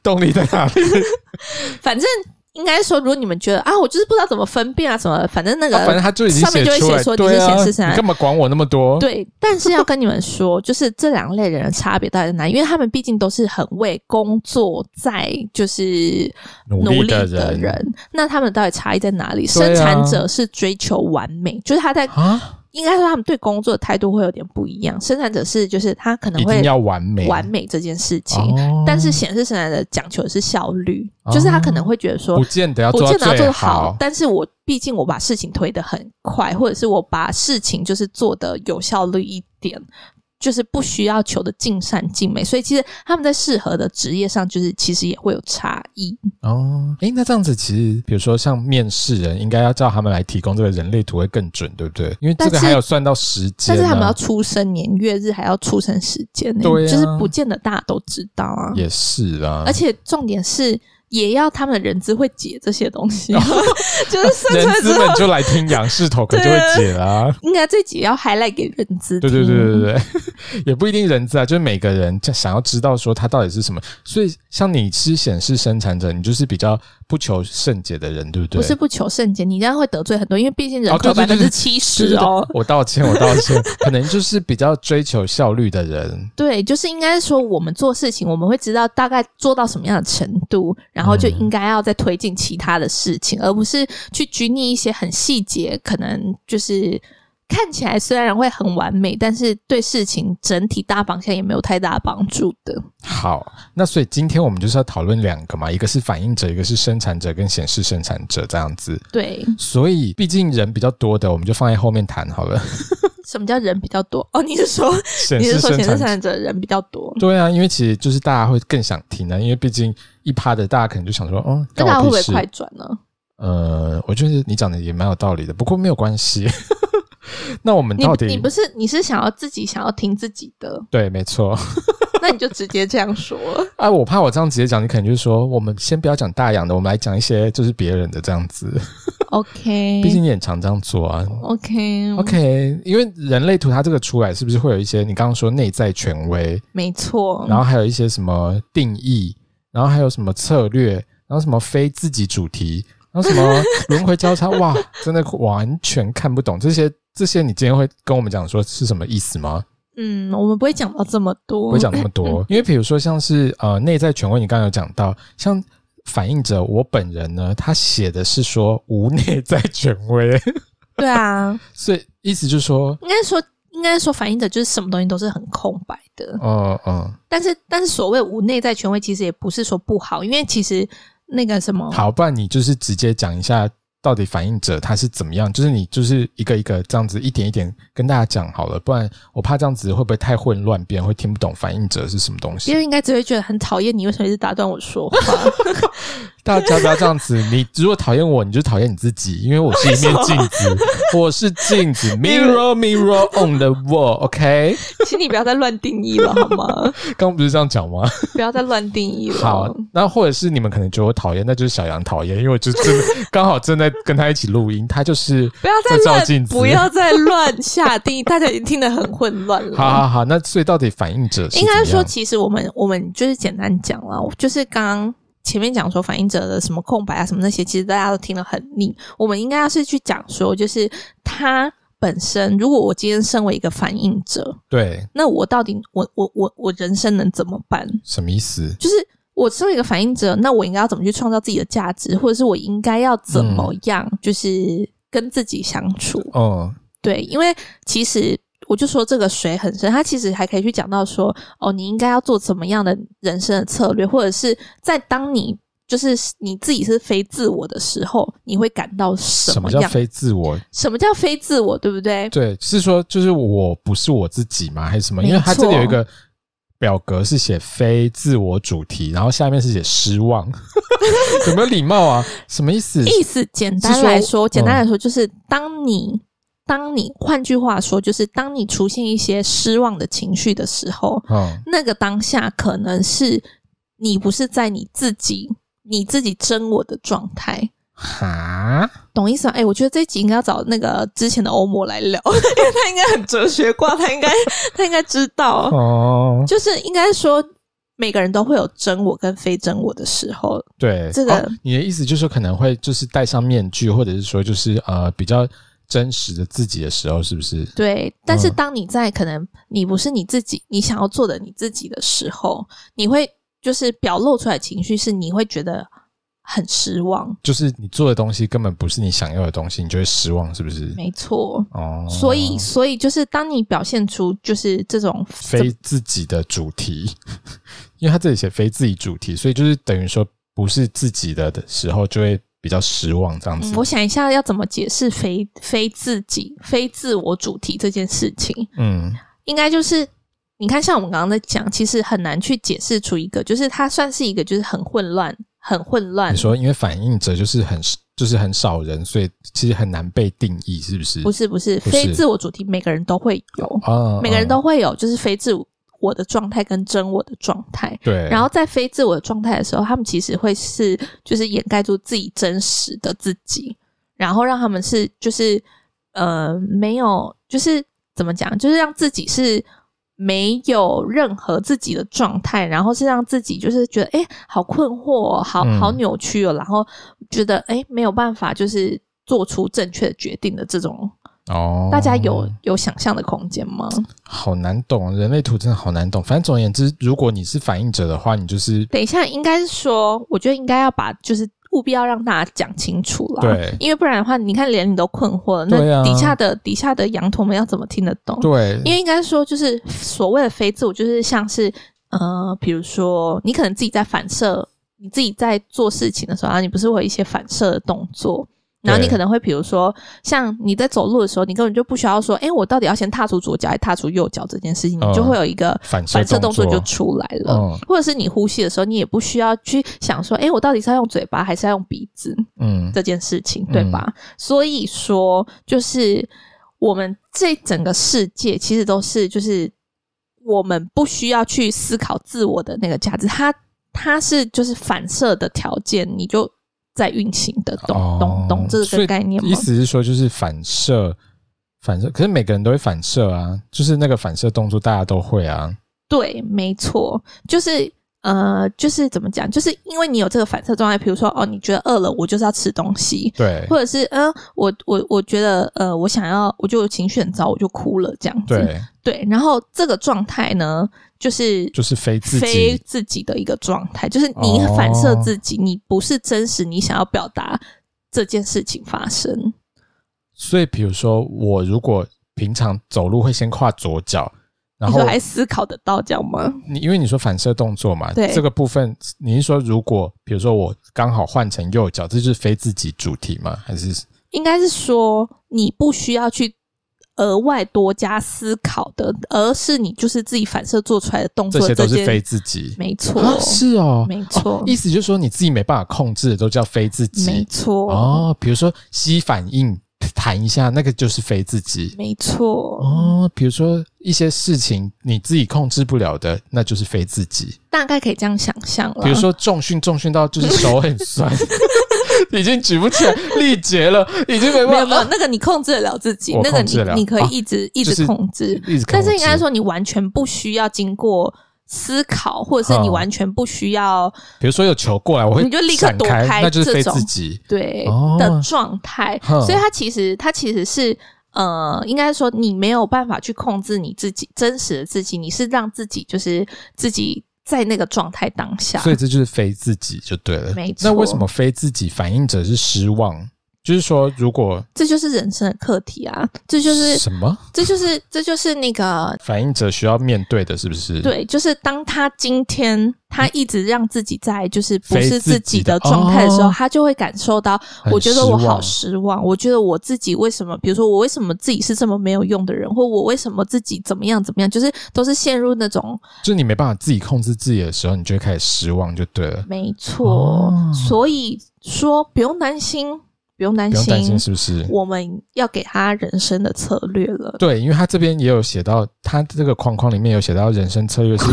動力在哪裡？ 反正。應該說，如果你們覺得啊，我就是不知道怎麼分辨啊，什麼，反正那個，反、啊、正他上面就會寫說，就、啊、是顯示你幹嘛管我那麼多？對，但是要跟你們說，就是這兩類人的差別到底在哪裡？因為他們畢竟都是很為工作在就是努力的人，的人，那他們到底差異在哪裡、啊？生產者是追求完美，就是他在啊。應該說，他們對工作的態度會有點不一樣。生產者是，就是他可能會一定要完美完美這件事情，哦、但是顯示生產者講求的是效率、哦，就是他可能會覺得說，不見得要做到最好，不見得要做好，但是我畢竟我把事情推得很快，或者是我把事情就是做得有效率一點。就是不需要求的盡善盡美，所以其實他們在適合的職業上，就是其實也會有差異。哦，誒、欸，那這樣子其實，比如說像面試人，應該要叫他們來提供這個人類圖會更準，對不對？因為這個還有算到時間、啊，但是他們要出生年月日，還要出生時間、欸，對、啊，就是不見得大家都知道啊。也是啊，而且重點是。也要他們人資會解這些東西，哦、 就是人資本就來聽楊式頭殼就會解啦、啊、 應該這集要 highlight 給人資，對，對對對對對， 也不一定人資啊，就是每個人就想要知道說它到底是什麼。所以像你是顯示生產者，你就是比較。不求甚解的人，對不對？不是不求甚解，你這樣會得罪很多，因為畢竟人口百分之七十哦，哦，對對對。我道歉，我道歉， 可能就是比較追求效率的人。對，就是應該說，我們做事情，我們會知道大概做到什麼樣的程度，然後就應該要再推進其他的事情，嗯、而不是去拘泥一些很細節，可能就是。看起來雖然會很完美，但是對事情整體大方向也沒有太大幫助的。好，那所以今天我們就是要討論兩個嘛，一個是反映者，一個是生產者，生產者跟顯示生產者這樣子。對，所以畢竟人比較多的，我們就放在後面談好了。 什麼叫人比較多？哦，你是說你是說顯示生產者人比較多？對啊，因為其實就是大家會更想聽的、啊，因為畢竟一趴的大家可能就想說，哦、嗯，那會不會快轉呢？呃，我覺得你講的也蠻有道理的，不過沒有關係。 那我們到底你，你不是，你是想要自己想要聽自己的？對，沒錯， 那你就直接這樣說。啊，我怕我這樣直接講，你可能就是說，我們先不要講大楊的，我們來講一些就是別人的這樣子。 OK，畢竟你很常這樣做啊。OK OK，因為人類圖它這個出來是不是會有一些你剛剛說內在權威沒錯，然後還有一些什麼定義，然後還有什麼策略，然後什麼非自己主題，然後什麼輪迴交叉， 哇，真的完全看不懂這些。這些你今天會跟我們講說是什麼意思嗎？嗯，我們不會講到這麼多，不會講那麼多，嗯、因為比如說像是呃內在權威，你剛剛有講到，像反映者，我本人呢，他寫的是說無內在權威， 對啊，所以意思就是說，應該說應該說反映者就是什麼東西都是很空白的，哦、嗯、哦、嗯，但是但是所謂無內在權威，其實也不是說不好，因為其實那個什麼，好，不然你就是直接講一下。到底反映者他是怎麼樣？就是你就是一個一個這樣子一點一點跟大家講好了，不然我怕這樣子會不會太混亂，別人會聽不懂反映者是什麼東西。別人應該只會覺得很討厭你，為什麼一直打斷我說話 大家不要這樣子！你如果討厭我，你就討厭你自己，因為我是一面鏡子，我是鏡子。Mirror, mirror on the wall, OK？請你不要再亂定義了，好嗎？剛剛 不是這樣講嗎？不要再亂定義了。好，那或者是你們可能覺得我討厭，那就是小楊討厭，因為我就真的剛好正在跟他一起錄音，他就是不要再照鏡子，不要再亂下定義。大家已經聽得很混亂了。 好好好，那所以到底反映者是應該說，其實我們我們就是簡單講了，就是剛。前面講說反映者的什麼空白啊，什麼那些，其實大家都聽得很膩。我們應該要是去講說，就是他本身，如果我今天身為一個反映者，對，那我到底我我我我人生能怎麼辦？什麼意思？就是我身為一個反映者，那我應該要怎麼去創造自己的價值，或者是我應該要怎麼樣，就是跟自己相處？嗯。哦，對，因為其實。我就說這個水很深，他其實還可以去講到說，哦，你應該要做怎麼樣的人生的策略，或者是在當你就是你自己是非自我的時候，你會感到什麼？什麼叫非自我？什麼叫非自我？對不對？對，是說就是我不是我自己嗎？還是什麼？因為它這裡有一個表格是寫非自我主題，然後下面是寫失望， 有沒有禮貌啊？什麼意思？意思簡單來說，是說簡單來說就是當你。當你，換句話說，就是當你出現一些失望的情緒的時候，哦，那個當下可能是你不是在你自己，你自己真我的狀態，啊，懂意思嗎？哎、欸，我覺得這集應該要找那個之前的歐摩來聊， 因為他應該很哲學掛，他應該他應該知道哦，就是應該說每個人都會有真我跟非真我的時候，對，這個、哦、你的意思就是說可能會就是戴上面具，或者是說就是呃比較。真實的自己的時候，是不是？對，但是當你在、嗯、可能你不是你自己，你想要做的你自己的時候，你會就是表露出來情緒，是你會覺得很失望，就是你做的東西根本不是你想要的東西，你就會失望，是不是？沒錯，哦，所以所以就是當你表現出就是這種非自己的主題， 因為他這裡寫非自己主題，所以就是等於說不是自己的的時候，就會。比較失望這樣子。嗯，我想一下要怎麼解釋非、非自己、非自我主題這件事情。嗯，應該就是你看，像我們剛剛在講，其實很難去解釋出一個，就是它算是一個，就是很混亂，很混亂。你說，因為反映者就是很就是很少人，所以其實很難被定義，是不是？不是，不是，不是非自我主題每、哦，每個人都會有每個人都會有，就是非自我。我的狀態跟真我的狀態，對，然後在非自我的狀態的時候，他們其實會是就是掩蓋住自己真實的自己，然後讓他們是就是呃沒有就是怎麼講，就是讓自己是沒有任何自己的狀態，然後是讓自己就是覺得誒、欸、好困惑哦，好好扭曲哦，嗯、然後覺得誒、欸、沒有辦法就是做出正確的決定的這種。哦、oh，大家有有想象的空間嗎？好難懂，人類圖真的好難懂。反正總而言之，如果你是反映者的話，你就是等一下，應該是說，我覺得應該要把就是務必要讓大家講清楚了，對，因為不然的話，你看連你都困惑了，那底下的、啊、底下的羊駝們要怎麼聽得懂？對，因為應該說，就是所謂的非自我，就是像是呃，比如說你可能自己在反射，你自己在做事情的時候啊，然後你不是會有一些反射的動作。然後你可能會，比如說，像你在走路的時候，你根本就不需要說，哎，我到底要先踏出左腳還是踏出右腳這件事情，你就會有一個反射動作就出來了。或者是你呼吸的時候，你也不需要去想說，哎，我到底是要用嘴巴還是要用鼻子，嗯，這件事情，對吧？所以說，就是我們這整個世界其實都是，就是我們不需要去思考自我的那個價值它，它它是就是反射的條件，你就。在運行的咚咚咚，oh, 這個概念嗎？意思是說就是反射，反射。可是每個人都會反射啊，就是那個反射動作，大家都會啊。對，沒錯，就是。呃，就是怎麼講？就是因為你有這個反射狀態，比如說哦，你覺得餓了，我就是要吃東西，對，或者是呃，我我我覺得呃，我想要，我就情緒很糟，我就哭了這樣子，對，對，然後這個狀態呢，就是就是非自己非自己的一個狀態，就是你反射自己，哦、你不是真實，你想要表達這件事情發生。所以，比如說我如果平常走路會先跨左腳。然後還思考得到這樣嗎？你因為你說反射動作嘛，對這個部分你是說，如果比如說我剛好換成右腳，這就是非自己主題嗎？還是應該是說你不需要去額外多加思考的，而是你就是自己反射做出來的動作，這些都是非自己，沒錯、啊，是哦，沒錯、哦。意思就是說你自己沒辦法控制的都叫非自己，沒錯哦。比如說膝反應。談一下，那個就是非自己，沒錯哦。比如說一些事情你自己控制不了的，那就是非自己。大概可以這樣想象了。比如說重訓，重訓到就是手很痠， 已經舉不起來，力竭了， 已經沒辦法。沒有，沒有，那個你控制得了自己，啊、那個你你可以一直、啊、一直、就是一直控制，但是應該說你完全不需要經過。思考，或者是你完全不需要。比如說有球過來，我會你就立刻躲開，閃開，那就是非自己對、哦、的狀態、哦。所以它其實，它其實是呃，應該說你沒有辦法去控制你自己真實的自己，你是讓自己就是自己在那個狀態當下。所以這就是非自己就對了，沒錯。那為什麼非自己反映者是失望？就是說，如果這就是人生的課題啊，這就是什麼？這就是這就是那個反映者需要面對的，是不是？對，就是當他今天他一直讓自己在就是不是自己的狀態的時候，哦、他就會感受到，我覺得我好失望，我覺得我自己為什麼？比如說，我為什麼自己是這麼沒有用的人，或我為什麼自己怎麼樣怎麼樣？就是都是陷入那種，就是你沒辦法自己控制自己的時候，你就會開始失望，就對了。沒錯，哦、所以說不用擔心。不用擔心，不用擔心，是不是我們要給他人生的策略了？對，因為他這邊也有寫到，他這個框框裡面有寫到人生策略是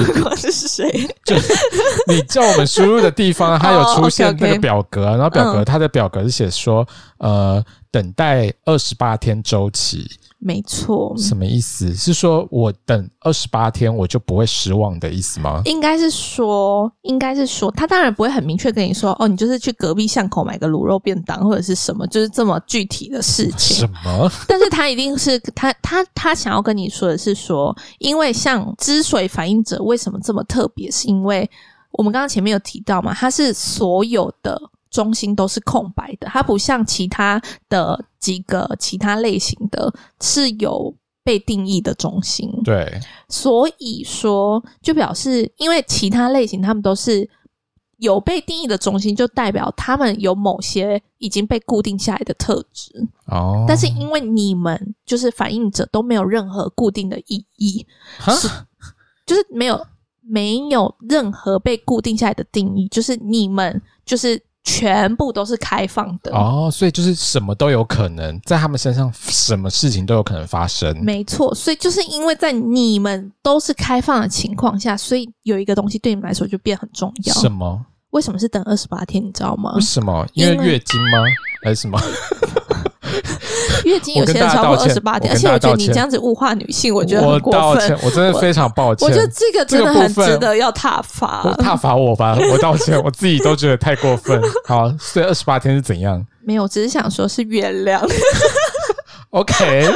誰？ 就是 你叫我們輸入的地方， 它有出現那個表格， 然後表格、嗯、它的表格是寫說，呃，等待二十八天週期。沒錯，什麼意思？是說我等二十八天我就不會失望的意思嗎？應該是說，應該是說，他當然不會很明確跟你說哦，你就是去隔壁巷口買個滷肉便當或者是什麼，就是這麼具體的事情。什麼？但是他一定是他他他，他想要跟你說的是說，因為像之所以反映者為什麼這麼特別，是因為我們剛剛前面有提到嘛，他是所有的中心都是空白的，他不像其他的。幾個其他類型的是有被定義的中心，對，所以說就表示，因為其他類型他們都是有被定義的中心，就代表他們有某些已經被固定下來的特質哦。Oh. 但是因為你們就是反映者都沒有任何固定的意義，huh? 是就是沒有沒有任何被固定下來的定義，就是你們就是。全部都是開放的哦，所以就是什麼都有可能，在他們身上什麼事情都有可能發生。沒錯，所以就是因為在你們都是開放的情況下，所以有一個東西對你們來說就變很重要。什麼？為什麼是等二十八天？你知道嗎？為什麼？因為月經嗎？還是什麼？ 月經有些超過二十八天，而且我覺得你這樣子物化女性，我覺得很過分。我道歉，我真的非常抱歉。我，我覺得這個真的很值得要撻伐。撻伐，這個部分，我撻伐我吧，我道歉，我自己都覺得太過分。 好，所以二十八天是怎樣？沒有，我只是想說是原諒。 OK。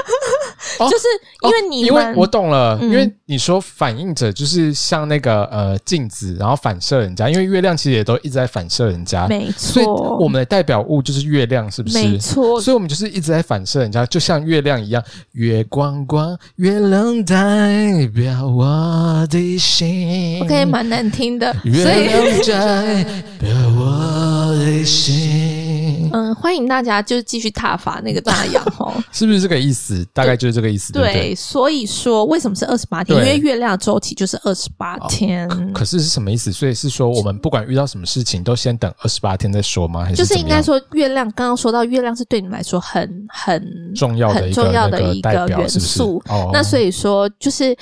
哦、就是因為你，哦，因為我懂了，嗯，因為你說反映者，就是像那個呃鏡子，然後反射人家，因為月亮其實也都一直在反射人家，沒錯。所以我們的代表物就是月亮，是不是？沒錯。所以我們就是一直在反射人家，就像月亮一樣，嗯，月光光，月亮代表我的心，OK，蠻難聽的。月亮代表 我的心。嗯，歡迎大家就是繼續踏伐那個大洋哦， 是不是這個意思？大概就是這個意思。對，對對對，所以說為什麼是二十八天？因為月亮週期就是二十八天。哦可。可是是什麼意思？所以是說我們不管遇到什麼事情，都先等二十八天再說嗎？還是就是應該說月亮？剛剛說到月亮是對你們來說很很重要，很重要的一個元素。哦。那所以說就是。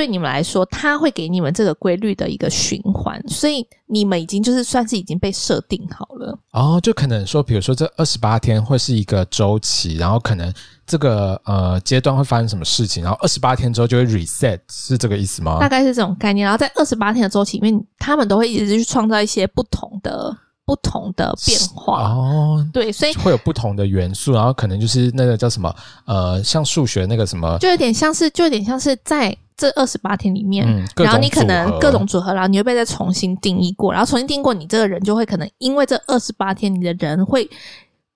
對你們來說，他會給你們這個規律的一個循環，所以你們已經就是算是已經被設定好了。哦，就可能說，比如說這二十八天會是一個周期，然後可能這個呃階段會發生什麼事情，然後二十八天之後就會 reset，是這個意思嗎？大概是這種概念。然後在二十八天的周期，因為他們都會一直去創造一些不同的。不同的變化哦，對，所以會有不同的元素，然後可能就是那個叫什麼，呃，像數學那個什麼，就有點像是，就有點像是在這二十八天裡面，嗯，然後你可能各種組合，然後你又被再重新定義過，然後重新定義過你這個人，就會可能因為這二十八天，你的人會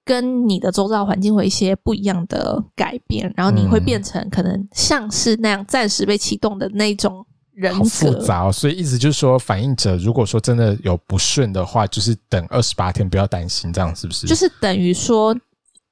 跟你的周遭環境會一些不一樣的改變，然後你會變成可能像是那樣暫時被啟動的那種。人複雜，哦，所以意思就是說，反應者如果說真的有不順的話，就是等二十八天，不要擔心，這樣是不是？就是等於說，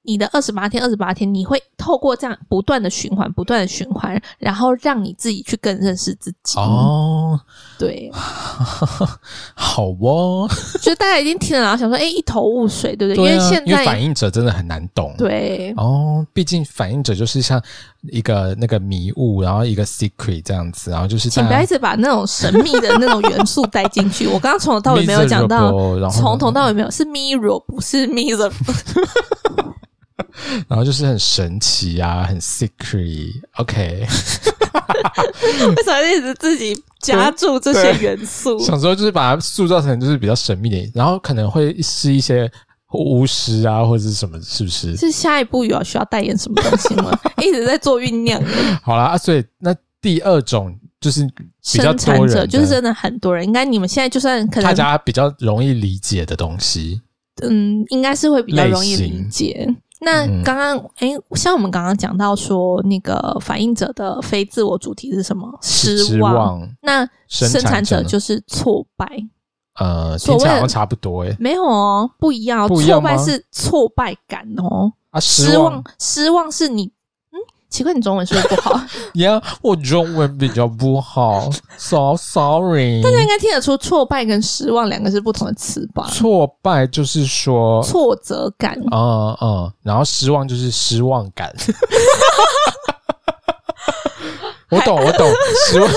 你的二十八天，二十八天，你會透過這樣不斷的循環，不斷的循環，然後讓你自己去更認識自己。哦，對， 好哇，哦。 就大家已經聽了，然後想說，誒、欸，一頭霧水，對不對？對啊，因為現在因為反應者真的很難懂。對，哦，畢竟反應者就是像。一個那個迷霧，然後一個 secret 這樣子，然後就是這樣。你不要一直把那種神秘的那種元素帶進去。 我剛剛從頭到尾沒有講到，從頭到尾沒有，是 mirror，不是 mirror 。 然後就是很神奇啊，很 secret okay。OK， 為什麼一直自己加注這些元素？想說就是把它塑造成就是比較神秘的，然後可能會是一些。無知啊，或者是什麼，是不是？是下一步有、啊、需要代言什麼東西嗎？一 直、欸、在做醞釀。 好啦，所以那第二種就是生產者，就是真的很多人。應該你們現在就算可能大家比較容易理解的東西，嗯，應該是會比較容易理解。那剛剛誒像我們剛剛講到說，那個反映者的非自我主題是什麼？失望。失望，那生產，生產者就是挫敗。呃，聽起來好像差不多誒、欸、沒有哦，不一樣、哦不。挫敗是挫敗感哦，啊，失望，失望，失望是你，嗯，奇怪，你中文說的不，不好 y、yeah, 我中文比較不好，so sorry。大家應該聽得出挫敗跟失望兩個是不同的詞吧？挫敗就是說挫折感，嗯嗯，然後失望就是失望感。 我懂，我懂， 失望。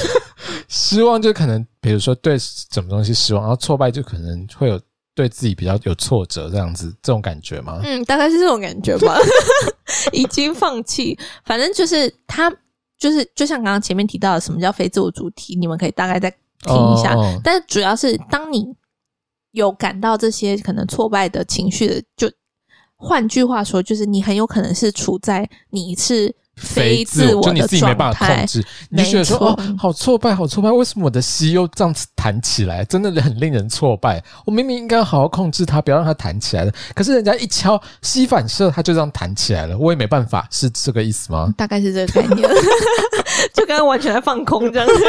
失望，就可能，比如說對什麼東西失望，然後挫敗就可能會有對自己比較有挫折這樣子這種感覺嗎？嗯，大概是這種感覺吧。 已經放棄，反正就是他就是，就像剛剛前面提到的，什麼叫非自我主題？你們可以大概再聽一下。哦哦哦。但是主要是當你有感到這些可能挫敗的情緒的，就換句話說，就是你很有可能是處在你一次。非自我，就你自己沒辦法控制，你就覺得說哦、啊，好挫敗，好挫敗，為什麼我的膝又這樣彈起來？真的很令人挫敗。我明明應該好好控制它，不要讓它彈起來的。可是人家一敲膝反射，它就這樣彈起來了，我也沒辦法。是這個意思嗎？大概是這個概念， 就剛剛完全在放空這樣子。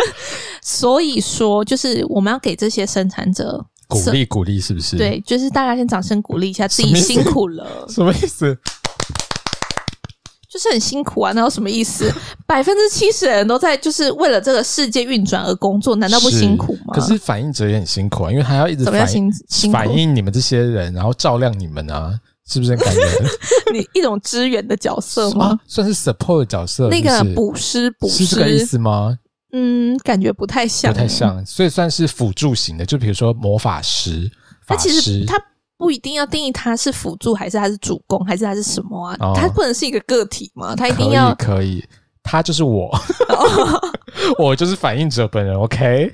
所以說，就是我們要給這些生產者鼓勵鼓勵，是不是？對，就是大家先掌聲鼓勵一下自己辛苦了，什麼意思？就是很辛苦啊，那有什麼意思？百分之七十的人都在就是為了這個世界運轉而工作，難道不辛苦嗎？是，可是反映者也很辛苦啊，因為他要一直在反映你們這些人，然後照亮你們啊，是不是感覺？ 你一種支援的角色嗎？是嗎？算是 support 的角色？那個啊、補師、補師是這個意思嗎？嗯，感覺不太像、欸，不太像，所以算是輔助型的。就比如說魔法師，法師，他其實他。不一定要定義他是輔助還是他是主攻還是他是什麼啊、哦？他不能是一個個體嗎？他一定要可以，可以他就是我， 我就是反映者本人。OK，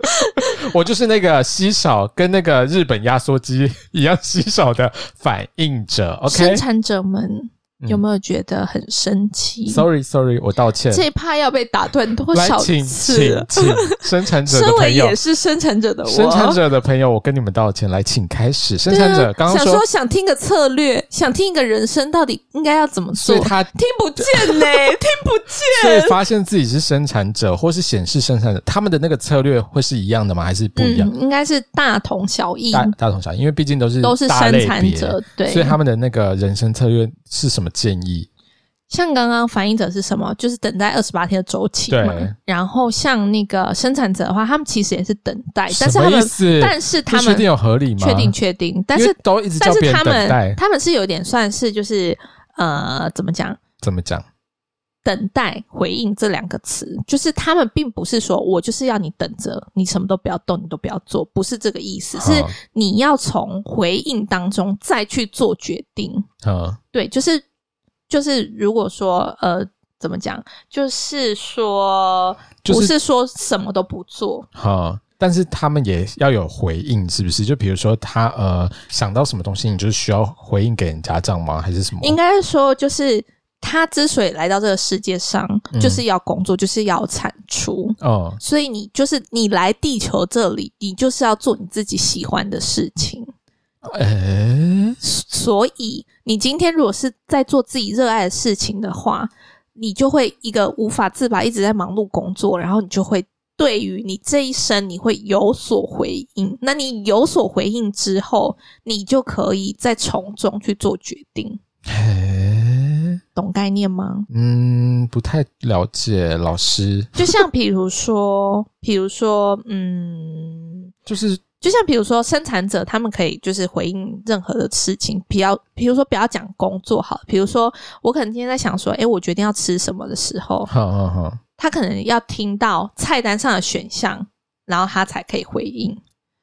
我就是那個稀少，跟那個日本壓縮機一樣稀少的反映者。OK，生產者們。嗯、有沒有覺得很生氣？Sorry，Sorry，我道歉。這一 part 要被打斷多少次？來，請請，請生產者的朋友，身 為也是生產者的我，生產者的朋友，我跟你們道歉。來，請開始。生產者剛剛、啊、說，想說想聽個策略，想聽一個人生到底應該要怎麼做？所以他聽不見呢、欸， 聽不見。所以發現自己是生產者，或是顯示生產者，他們的那個策略會是一樣的嗎？還是不一樣？嗯、應該是大同小異。大同小異，因為畢竟都是大都是生產者，對，所以他們的那個人生策略是什麼？建議，像剛剛反映者是什麼？就是等待二十八天的週期嘛。對。然後像那個生產者的話，他們其實也是等待，但是他們，但是他們確定有合理嗎？確定，確定。但是都一直叫別人等待，但是他們他們是有點算是就是呃，怎麼講？怎麼講？等待回應這兩個詞，就是他們並不是說我就是要你等着，你什麼都不要動，你都不要做，不是這個意思。是你要從回應當中再去做決定。啊，對，就是。就是如果說呃，怎麼講？就是說、就是，不是說什麼都不做，哈、嗯，但是他們也要有回應，是不是？就比如說他呃想到什麼東西，你就需要回應給人家，這樣嗎？還是什麼？應該說，就是他之所以來到這個世界上，就是要工作，嗯、就是要產出哦、嗯。所以你就是你來地球這裡，你就是要做你自己喜歡的事情。嗯哎、欸，所以你今天如果是在做自己熱愛的事情的話，你就會一個無法自拔，一直在忙碌工作，然後你就會對於你這一生你會有所回應。那你有所回應之後，你就可以在從中去做決定。哎、欸，懂概念嗎？嗯，不太了解，老師。就像比如說，比如說，嗯，就是。就像比如說，生產者他們可以就是回應任何的事情，比較，比如說不要講工作好，比如說我可能今天在想說，哎、欸，我決定要吃什麼的時候，好，好，好，他可能要聽到菜單上的選項，然後他才可以回應。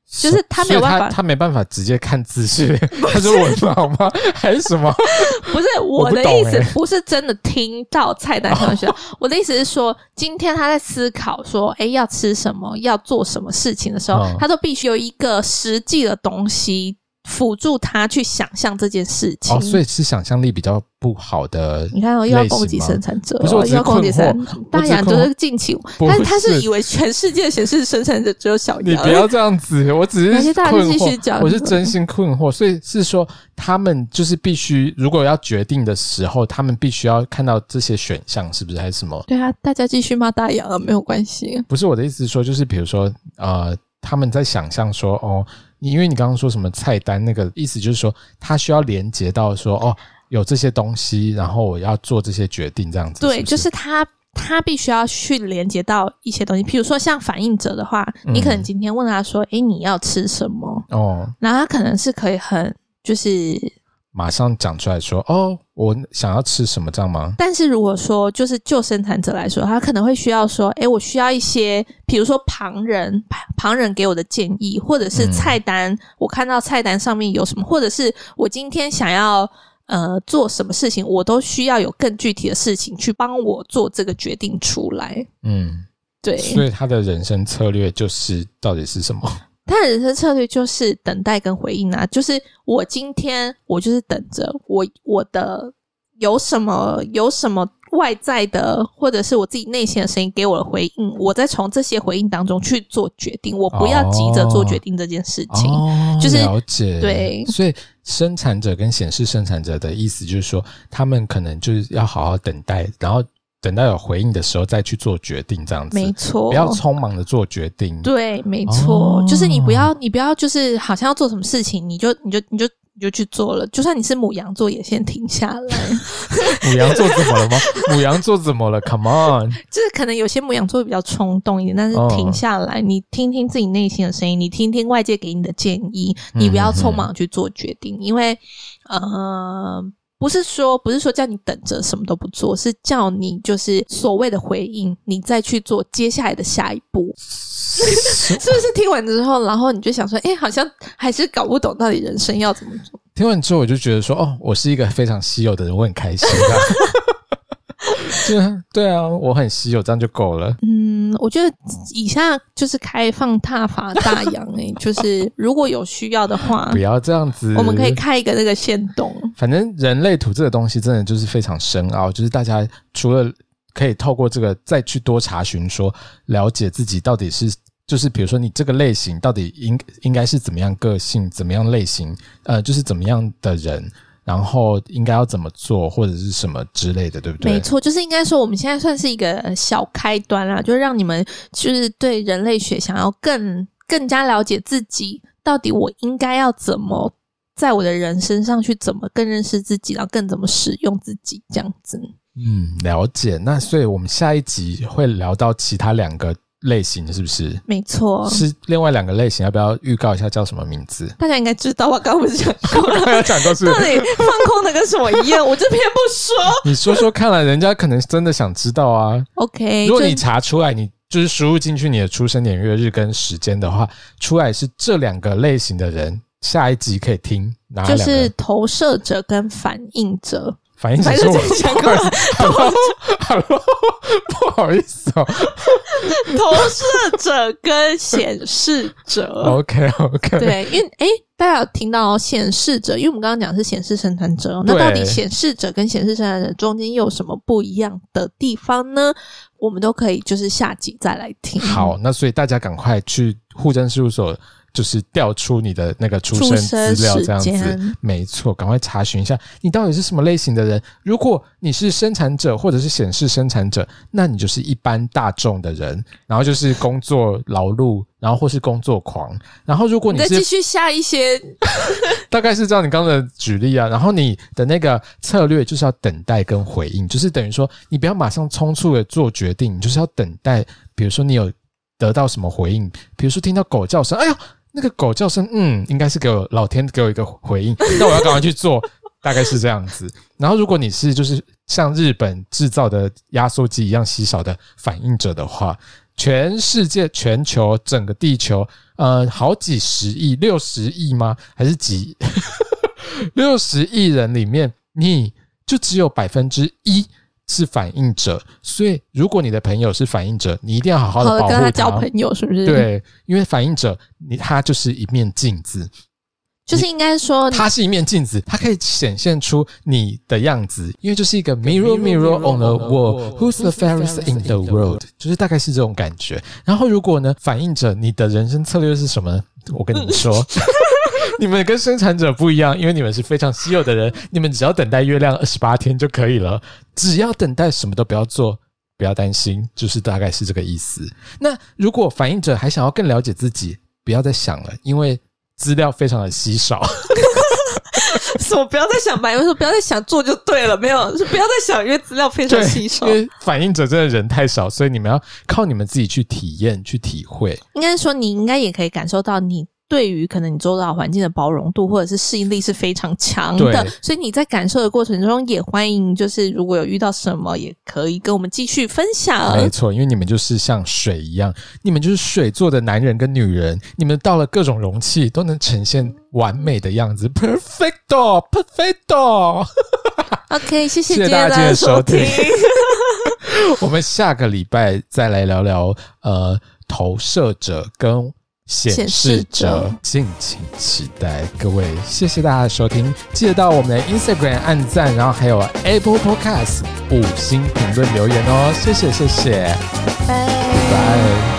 就是他沒有辦法，所以他，他沒辦法直接看資訊，他說我知道嗎？還是什麼？ 不是我，不、欸、我的意思，不是真的聽到菜單需學、哦。我的意思是說，今天他在思考說，哎、欸，要吃什麼，要做什麼事情的時候，嗯、他都必須有一個實際的東西。輔助他去想象這件事情，哦、所以是想象力比較不好的。你看，哦，又要攻擊生產者，不是、哦、我是，又要攻擊生產。大楊就是盡情，是但是他是以為全世界顯示生產者，只有小。你不要這樣子， 我只是大家繼續講，我是真心困惑。所以是說，他們就是必須，如果要決定的時候，他們必須要看到這些選項，是不是還是什麼？對啊，大家繼續罵大楊啊，沒有關係。不是我的意思說，說就是比如說，呃，他們在想象說，哦。你因為你剛剛說什麼菜單那個意思就是說，它需要連接到說哦，有這些東西，然後我要做這些決定這樣子。對，是不是？就是他他必須要去連接到一些東西，譬如說像反應者的話，嗯、你可能今天問他說，哎、欸，你要吃什麼？哦、嗯，然後他可能是可以很就是。馬上講出來說哦，我想要吃什麼，這樣嗎？但是如果說就是就生產者來說，他可能會需要說，哎、欸，我需要一些，比如說旁人旁旁人給我的建議，或者是菜單、嗯，我看到菜單上面有什麼，或者是我今天想要呃做什麼事情，我都需要有更具體的事情去幫我做這個決定出來。嗯，對。所以他的人生策略就是到底是什麼？他的人生策略就是等待跟回應啊，就是我今天我就是等着我我的有什麼有什麼外在的或者是我自己內心的聲音給我的回應，我再從這些回應當中去做決定，我不要急着做決定這件事情，哦、就是、哦、了解。對，所以生產者跟顯示生產者的意思就是說，他們可能就是要好好等待，然後。等到有回應的時候再去做決定，這樣子沒錯。不要匆忙的做決定。對，沒錯、哦，就是你不要，你不要，就是好像要做什麼事情，你就你就你就你就去做了。就算你是牡羊座，也先停下來。 牡羊座怎麼了嗎？ 牡羊座怎麼了？Come on，就是可能有些牡羊座比較衝動一點，但是停下來，哦、你聽聽自己內心的聲音，你聽聽外界給你的建議，你不要匆忙的去做決定，嗯、因為呃。不是說不是說叫你等着什麼都不做，是叫你就是所謂的回應，你再去做接下來的下一步。是， 是不是聽完之後，然後你就想說，哎、欸，好像還是搞不懂到底人生要怎麼做？聽完之後，我就覺得說，哦，我是一個非常稀有的人，我很開心啊 對啊，對啊，我很稀有，這樣就夠了。嗯，我覺得以下就是開放大法大洋誒、欸、 就是如果有需要的話，不要這樣子，我們可以開一個那個限動。反正人類圖這個東西真的就是非常深奧，就是大家除了可以透過這個再去多查詢，說了解自己到底是就是比如說你這個類型到底應應該是怎麼樣個性，怎麼樣類型，呃，就是怎麼樣的人。然後應該要怎麼做，或者是什麼之類的，對不對？沒錯，就是應該說我們現在算是一個小開端啦、啊，就讓你們就是對人類學想要更更加了解自己，到底我應該要怎麼在我的人身上去怎麼更認識自己，然後更怎麼使用自己這樣子。嗯，了解。那所以我們下一集會聊到其他兩個。類型是不是？沒錯，是另外兩個類型。要不要預告一下叫什麼名字？大家應該知道，我剛不是講過，講過是到底放空的跟什麼一樣？ 我這邊不說，你說說看，來人家可能真的想知道啊。OK，如果你查出來，就你就是輸入進去你的出生年月日跟時間的話，出來是這兩個類型的人，下一集可以聽，然後就是投射者跟反映者。反應是我好，哈嘍，Hello? Hello? 不好意思哦，投射者跟顯示者 ，OK OK，對，因為誒、欸，大家有聽到顯、哦、示者，因為我們剛剛講是顯示生產者哦，哦。那到底顯示者跟顯示生產者中間又有什麼不一樣的地方呢？我們都可以就是下集再來聽。好，那所以大家趕快去戶政事務所。就是調出你的那個出生資料這樣子，沒錯，趕快查詢一下你到底是什麼類型的人。如果你是生產者或者是顯示生產者，那你就是一般大眾的人，然後就是工作勞碌，然後或是工作狂。然後如果你，你再繼續下一些， 大概是照你剛剛的舉例啊，然後你的那個策略就是要等待跟回應，就是等於說你不要馬上匆促的做決定，你就是要等待，比如說你有得到什麼回應，比如說聽到狗叫聲，哎呦。那個狗叫聲，嗯，應該是給我老天給我一個回應，那我要趕快去做， 大概是這樣子。然後，如果你是就是像日本制造的壓縮機一樣稀少的反映者的話，全世界、全球、整個地球，呃，好幾十億、六十億嗎？還是幾？六十億人裡面，你就只有百分之一。是反映者，所以如果你的朋友是反映者，你一定要好好的保護他。他交朋友是不是？對，因為反映者，你他就是一面鏡子。就是應該說，它是一面鏡子，它可以顯現出你的樣子，因為就是一個 mirror mirror on the wall, who's the fairest in the world，就是大概是這種感覺。然後如果呢，反映者你的人生策略是什麼？我跟你們說， 你們跟生產者不一樣，因為你們是非常稀有的人，你們只要等待月亮二十八天就可以了，只要等待什麼都不要做，不要擔心，就是大概是這個意思。那如果反映者還想要更了解自己，不要再想了，因為。資料非常的稀少，所以不要再想買，或 說不要再想做就對了。沒有，不要再想，因為資料非常稀少，因為反映者真的人太少，所以你們要靠你們自己去體驗、去體會。應該說，你應該也可以感受到你。對於可能你周遭環境的包容度或者是適應力是非常強的，對。所以你在感受的過程中也歡迎，就是如果有遇到什麼，也可以跟我們繼續分享。沒錯，因為你們就是像水一樣，你們就是水做的男人跟女人，你們到了各種容器都能呈現完美的樣子，perfecto，perfecto。Perfecto, Perfecto OK，謝謝，謝謝大家的收聽， 我們下個禮拜再來聊聊呃投射者跟顯示者，敬請期待，各位。謝謝大家的收聽，記得到我們的 Instagram 按讚，然後還有 Apple Podcast 五星評論留言哦，謝謝，謝謝，拜拜。